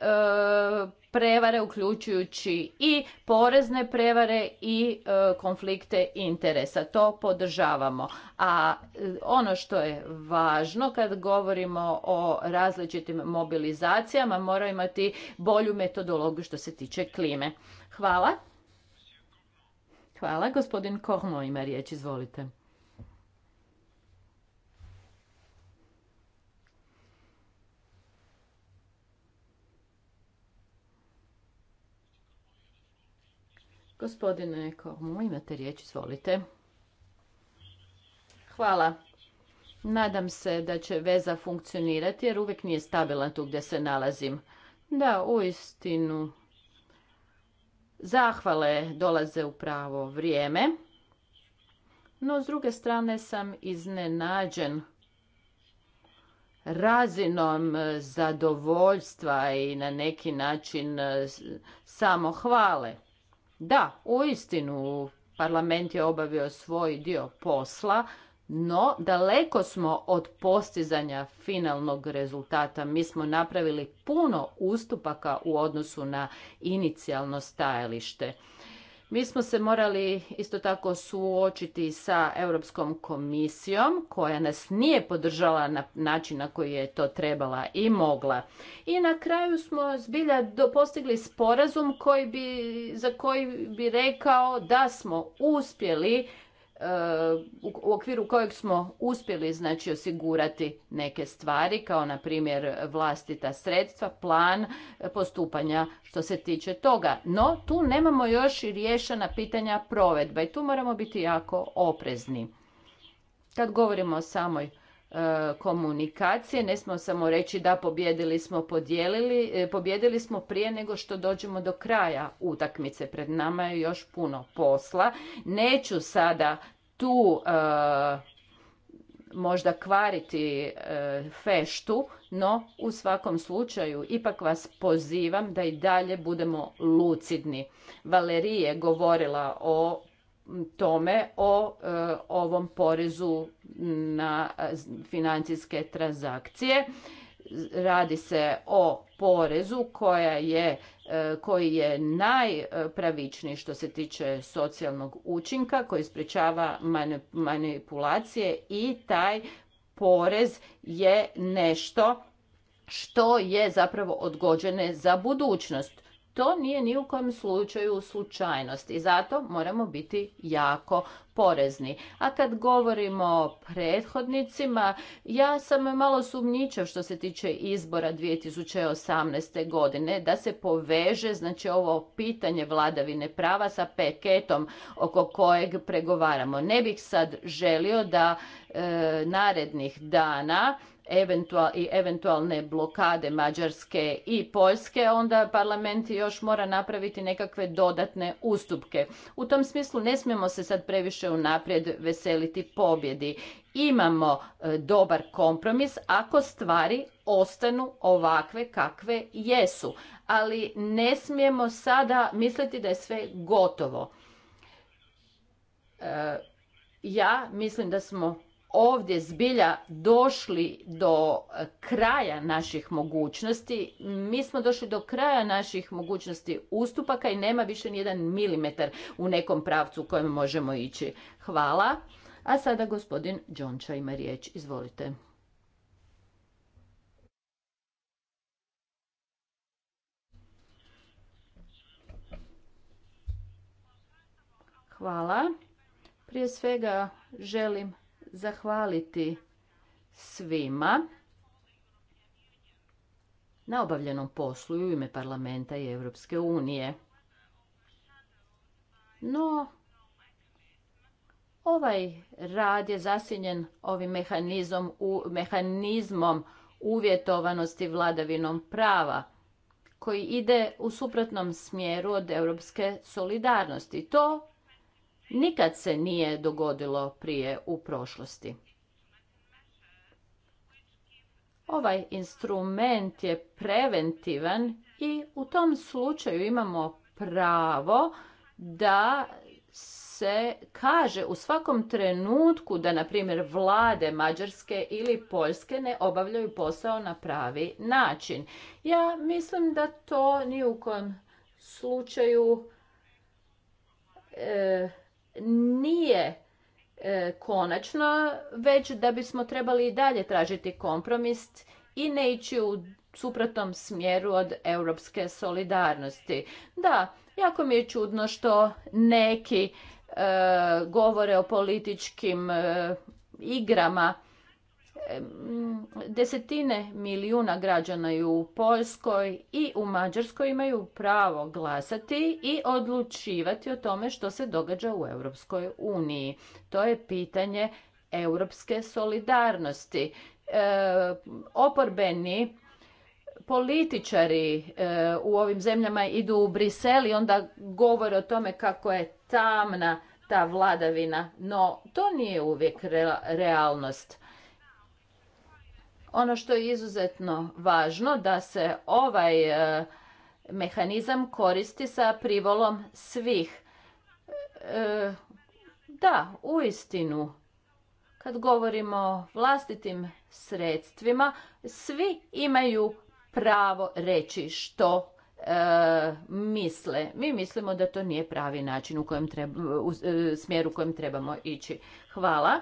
prevare uključujući i porezne prevare i e, konflikte interesa. To podržavamo. A e, ono što je važno kad govorimo o različitim mobilizacijama mora imati bolju metodologiju što se tiče klime. Hvala. Hvala. Gospodin Kohmo ima riječ. Izvolite. Gospodine Komu, imate riječ, izvolite. Hvala. Nadam se da će veza funkcionirati jer uvijek nije stabilan tu gdje se nalazim. Da, u istinu, Zahvale dolaze u pravo vrijeme. No, s druge strane sam iznenađen razinom zadovoljstva i na neki način e, samohvale. Da, istinu parlament je obavio svoj dio posla, no daleko smo od postizanja finalnog rezultata. Mi smo napravili puno ustupaka u odnosu na inicijalno stajalište. Mi smo se morali isto tako suočiti sa Europskom komisijom koja nas nije podržala na način na koji je to trebala i mogla. I na kraju smo zbilja postigli sporazum koji bi, za koji bi rekao da smo uspjeli u okviru kojeg smo uspjeli znači osigurati neke stvari kao na primjer vlastita sredstva, plan postupanja što se tiče toga. No tu nemamo još i riješena pitanja provedba i tu moramo biti jako oprezni. Kad govorimo o samoj E, komunikacije. Ne smo samo reći da pobjedili smo, podijelili, e, pobjedili smo prije nego što dođemo do kraja utakmice. Pred nama je još puno posla. Neću sada tu e, možda kvariti feštu, no u svakom slučaju ipak vas pozivam da i dalje budemo lucidni. Valerije je govorila o tome o e, ovom porezu na e, financijske transakcije. Radi se o porezu koja je, e, koji je najpravičniji što se tiče socijalnog učinka, koji sprečava manipulacije i taj porez je nešto što je zapravo odgođene za budućnost to nije ni u kojem slučaju slučajnost i zato moramo biti jako porezni. A kad govorimo o prethodnicima, ja sam malo sumnjičav što se tiče izbora 2018. godine, da se poveže znači ovo pitanje vladavine prava sa peketom oko kojeg pregovaramo. Ne bih sad želio da e, narednih dana i eventualne blokade Mađarske i Poljske, onda parlament još mora napraviti nekakve dodatne ustupke. U tom smislu ne smijemo se sad previše unaprijed veseliti pobjedi. Imamo e, dobar kompromis ako stvari ostanu ovakve kakve jesu, ali ne smijemo sada misliti da je sve gotovo. E, ja mislim da smo ovdje zbilja došli do e, kraja naših mogućnosti. Mi smo došli do kraja naših mogućnosti ustupaka i nema više nijedan jedan milimetar u nekom pravcu u kojem možemo ići. Hvala. A sada gospodin Đonča ima riječ. Izvolite. Hvala. Prije svega želim zahvaliti svima na obavljenom poslu u ime parlamenta i Europske unije. No, ovaj rad je zasinjen ovim mehanizmom, u, mehanizmom uvjetovanosti vladavinom prava koji ide u suprotnom smjeru od europske solidarnosti. To nikad se nije dogodilo prije u prošlosti. Ovaj instrument je preventivan i u tom slučaju imamo pravo da se kaže u svakom trenutku da, na primjer, vlade Mađarske ili Poljske ne obavljaju posao na pravi način. Ja mislim da to ni u kojem slučaju e, nije e, konačno, već da bismo trebali i dalje tražiti kompromis i ne ići u suprotnom smjeru od europske solidarnosti. Da, jako mi je čudno što neki e, govore o političkim e, igrama Desetine milijuna građana u Poljskoj i u Mađarskoj imaju pravo glasati i odlučivati o tome što se događa u Europskoj uniji. To je pitanje europske solidarnosti. E, oporbeni političari e, u ovim zemljama idu u Brisel i onda govore o tome kako je tamna ta vladavina, no to nije uvijek realnost ono što je izuzetno važno da se ovaj e, mehanizam koristi sa privolom svih. E, da, u istinu, kad govorimo o vlastitim sredstvima, svi imaju pravo reći što e, misle. Mi mislimo da to nije pravi način u, smjeru u kojem trebamo ići. Hvala.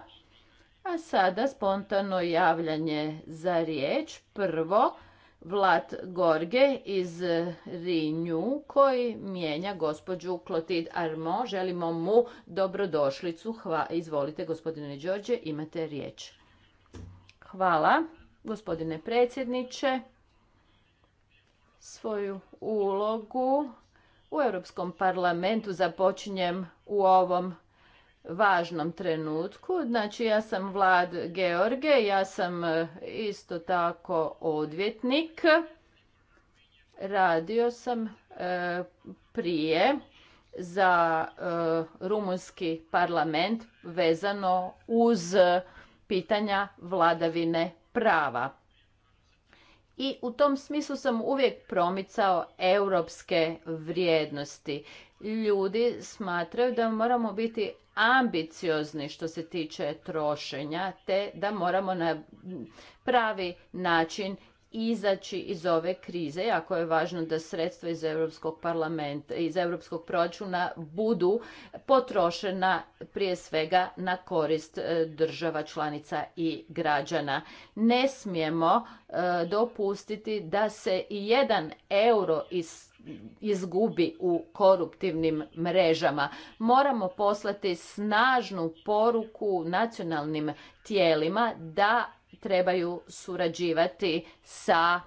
A sada spontano javljanje za riječ. Prvo, Vlad Gorge iz Rinju koji mijenja gospođu Klotid Armo. Želimo mu dobrodošlicu. izvolite gospodine Đorđe, imate riječ. Hvala gospodine predsjedniče. Svoju ulogu u Europskom parlamentu započinjem u ovom važnom trenutku. Znači ja sam Vlad George, ja sam e, isto tako odvjetnik. Radio sam e, prije za e, rumunski parlament vezano uz pitanja vladavine prava. I u tom smislu sam uvijek promicao europske vrijednosti. Ljudi smatraju da moramo biti ambiciozni što se tiče trošenja te da moramo na pravi način izaći iz ove krize, jako je važno da sredstva iz Europskog parlamenta, iz Europskog proračuna budu potrošena prije svega na korist e, država članica i građana. Ne smijemo e, dopustiti da se i jedan euro izgubi u koruptivnim mrežama. Moramo poslati snažnu poruku nacionalnim tijelima da trebaju surađivati sa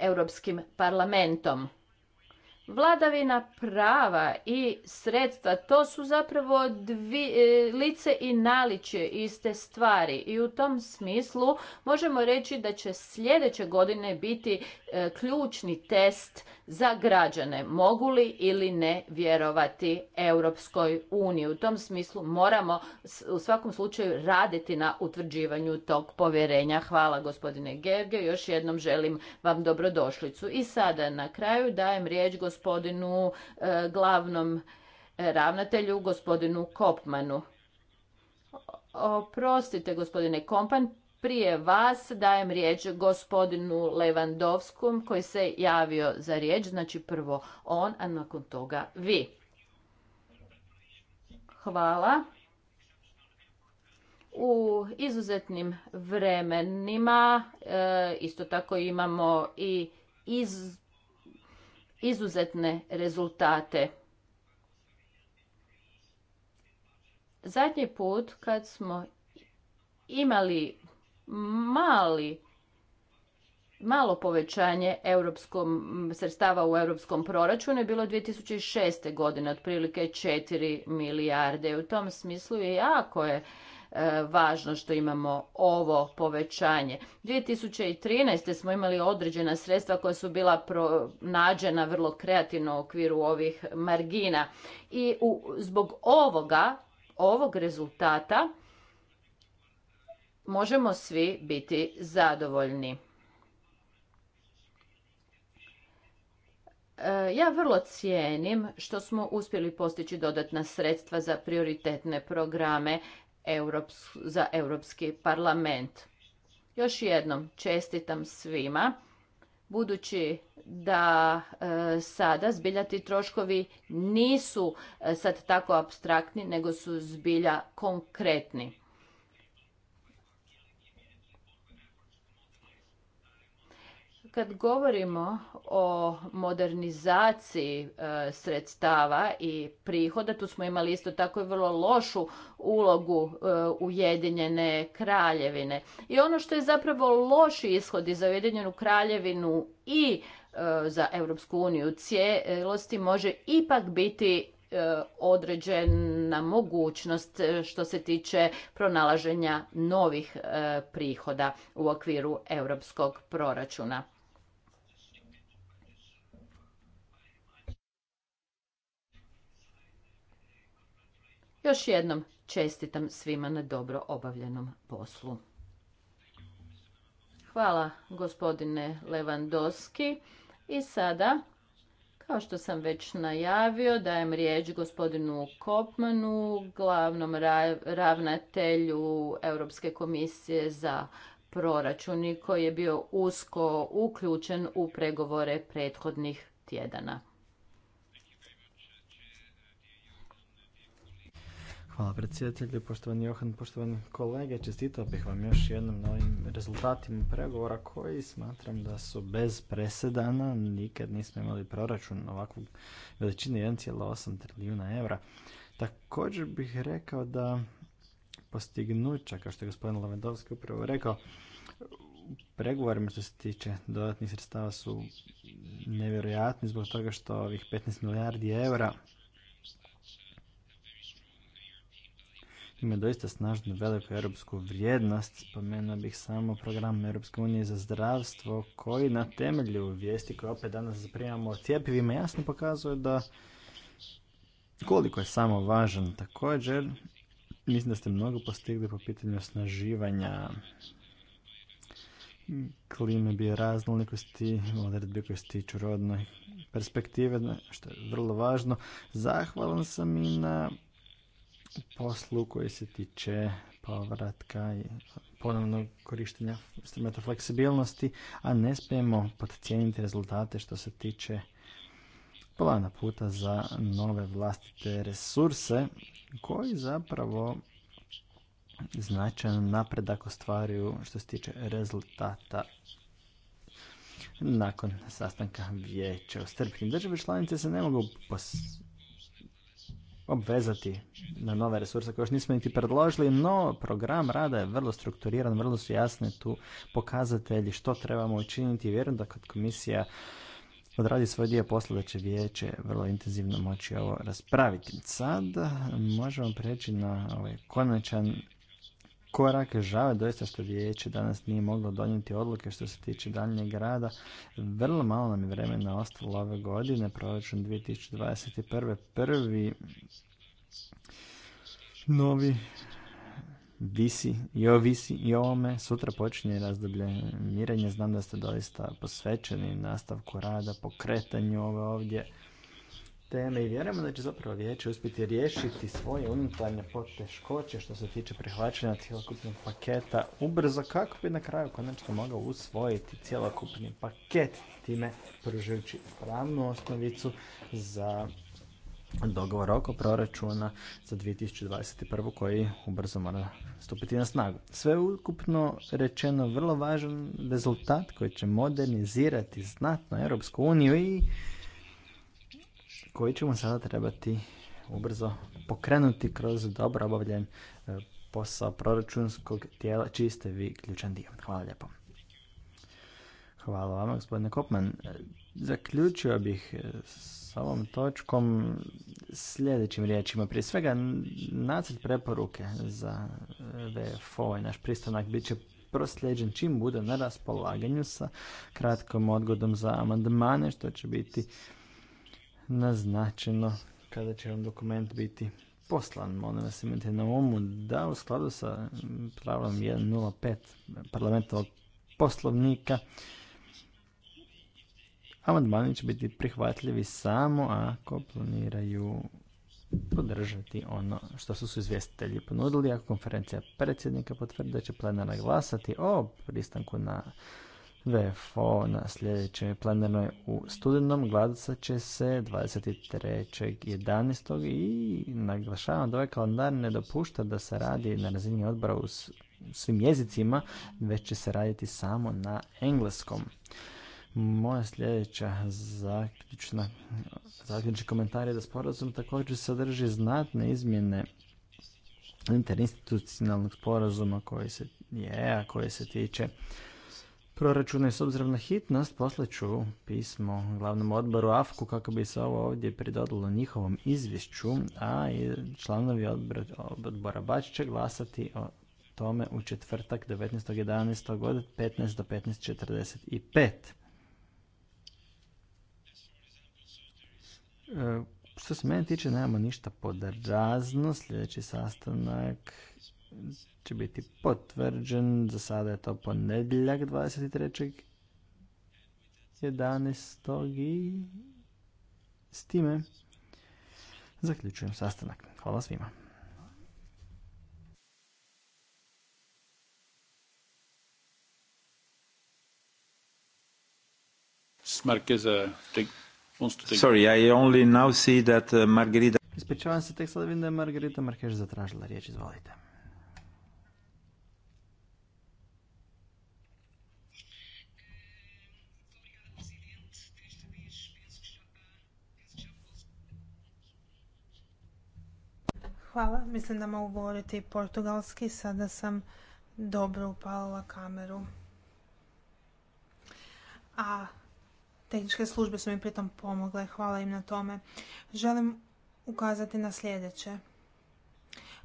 Europskim parlamentom. Vladavina prava i sredstva to su zapravo dvi, e, lice i naličje iste stvari i u tom smislu možemo reći da će sljedeće godine biti E, ključni test za građane mogu li ili ne vjerovati Europskoj uniji. U tom smislu moramo u svakom slučaju raditi na utvrđivanju tog povjerenja. Hvala gospodine Gerge, još jednom želim vam dobrodošlicu. I sada na kraju dajem riječ gospodinu e, glavnom e, ravnatelju, gospodinu Kopmanu. Oprostite gospodine Kompan, prije vas dajem riječ gospodinu Levandovskom koji se javio za riječ, znači prvo on, a nakon toga vi. Hvala. U izuzetnim vremenima e, isto tako imamo i izuzetne rezultate. Zadnji put kad smo imali mali malo povećanje europskom, sredstava u europskom proračunu je bilo 2006. godine, otprilike 4 milijarde. u tom smislu je jako je e, važno što imamo ovo povećanje. 2013. smo imali određena sredstva koja su bila pronađena nađena vrlo kreativno u okviru ovih margina. I zbog ovoga, ovog rezultata, možemo svi biti zadovoljni. E, ja vrlo cijenim što smo uspjeli postići dodatna sredstva za prioritetne programe za Europski parlament. Još jednom čestitam svima, budući da e, sada zbiljati troškovi nisu e, sad tako abstraktni, nego su zbilja konkretni. Kad govorimo o modernizaciji e, sredstava i prihoda, tu smo imali isto tako i vrlo lošu ulogu e, Ujedinjene kraljevine. I ono što je zapravo loši ishodi za Ujedinjenu kraljevinu i e, za Europsku uniju cijelosti može ipak biti određena mogućnost što se tiče pronalaženja novih prihoda u okviru europskog proračuna. Još jednom čestitam svima na dobro obavljenom poslu. Hvala gospodine Lewandowski. I sada, kao što sam već najavio, dajem riječ gospodinu Kopmanu, glavnom ravnatelju Europske komisije za proračun koji je bio usko uključen u pregovore prethodnih tjedana. Hvala predsjedatelju, poštovani Johan, poštovani kolege. Čestitao bih vam još jednom na ovim rezultatima pregovora koji smatram da su bez presedana. Nikad nismo imali proračun ovakvog veličine 1,8 trilijuna eura. Također bih rekao da postignuća, kao što je gospodin Lavendovski upravo rekao, pregovorima što se tiče dodatnih sredstava su nevjerojatni zbog toga što ovih 15 milijardi eura ima doista snažnu veliku europsku vrijednost. Spomenuo bih samo program Europske unije za zdravstvo koji na temelju vijesti koje opet danas zaprimamo o cjepivima jasno pokazuje da koliko je samo važan također. Mislim da ste mnogo postigli po pitanju osnaživanja klime raznolikosti, odredbe koje se tiču rodne perspektive, što je vrlo važno. Zahvalan sam i na poslu koji se tiče povratka i ponovnog korištenja instrumenta fleksibilnosti, a ne smijemo podcijeniti rezultate što se tiče plana puta za nove vlastite resurse koji zapravo značajan napredak ostvaruju što se tiče rezultata nakon sastanka vijeća u Strpnji. Države članice se ne mogu obvezati na nove resurse koje još nismo niti predložili, no program rada je vrlo strukturiran, vrlo su jasni tu pokazatelji što trebamo učiniti. Vjerujem da kad komisija odradi svoj dio posla da će vijeće vrlo intenzivno moći ovo raspraviti. Sad možemo preći na ovaj konačan korak. Žao je doista što vijeće danas nije moglo donijeti odluke što se tiče daljnjeg rada. Vrlo malo nam je vremena ostalo ove godine, proračun 2021. Prvi novi visi i ovisi i ovome. Sutra počinje razdoblje mirenja. Znam da ste doista posvećeni nastavku rada, pokretanju ove ovdje teme i vjerujemo da će zapravo vijeće uspjeti riješiti svoje unutarnje poteškoće što se tiče prihvaćanja cjelokupnog paketa ubrzo kako bi na kraju konačno mogao usvojiti cjelokupni paket time pružujući pravnu osnovicu za dogovor oko proračuna za 2021. koji ubrzo mora stupiti na snagu. Sve ukupno rečeno vrlo važan rezultat koji će modernizirati znatno Europsku uniju i koji ćemo sada trebati ubrzo pokrenuti kroz dobro obavljen e, posao proračunskog tijela, čiji ste vi ključan dio. Hvala lijepo. Hvala vama, gospodine Kopman. E, zaključio bih e, s ovom točkom sljedećim riječima. Prije svega, nacrt preporuke za VFO i ovaj naš pristanak bit će prosljeđen čim bude na raspolaganju sa kratkom odgodom za amandmane, što će biti naznačeno kada će vam dokument biti poslan. Molim vas imajte na umu da u skladu sa pravom 1.05 parlamentovog poslovnika amandmani će biti prihvatljivi samo ako planiraju podržati ono što su su izvjestitelji ponudili, a konferencija predsjednika potvrdi da će plenarna glasati o pristanku na VFO na sljedećoj plenarnoj u studenom glasat će se 23.11. i naglašavam da ovaj kalendar ne dopušta da se radi na razini odbora u svim jezicima, već će se raditi samo na engleskom. Moja sljedeća zaključna, zaključni komentar je da sporazum također sadrži znatne izmjene interinstitucionalnog sporazuma koji se je, a koji se tiče proračuna s obzirom na hitnost poslat ću pismo glavnom odboru AFKU kako bi se ovo ovdje pridodalo njihovom izvješću, a i članovi odbora, odbora Bać će glasati o tome u četvrtak 19.11. od 15 do 15.45. E, što se mene tiče, nemamo ništa pod Sljedeći sastanak će biti potvrđen, za sada je to ponedjeljak 23. 11. i s time zaključujem sastanak. Hvala svima. take, wants to Sorry, uh, Margarita... Ispričavam se, tek sada vidim da je Margarita Marquez zatražila riječ, izvolite. Hvala, mislim da mogu govoriti portugalski, sada sam dobro upalila kameru. A tehničke službe su mi pritom pomogle, hvala im na tome. Želim ukazati na sljedeće.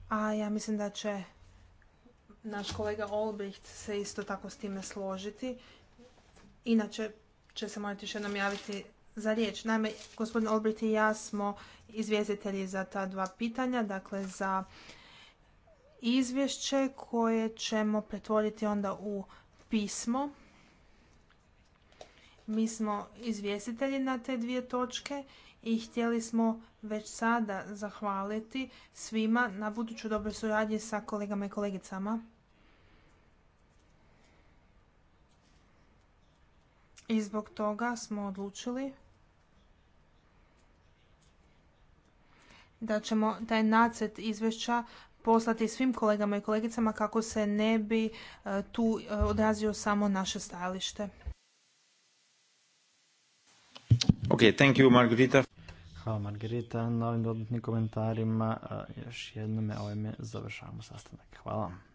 A ja mislim da će naš kolega Olbricht se isto tako s time složiti. Inače će se morati još jednom javiti za riječ. Naime, gospodin Olbrit i ja smo izvjestitelji za ta dva pitanja, dakle za izvješće koje ćemo pretvoriti onda u pismo. Mi smo izvjestitelji na te dvije točke i htjeli smo već sada zahvaliti svima na buduću dobroj suradnji sa kolegama i kolegicama. I zbog toga smo odlučili da ćemo taj nacrt izvješća poslati svim kolegama i kolegicama kako se ne bi e, tu e, odrazio samo naše stajalište. thank you, Margarita. Hvala Margarita na ovim dodatnim komentarima. E, još jednome ovime završavamo sastanak. Hvala.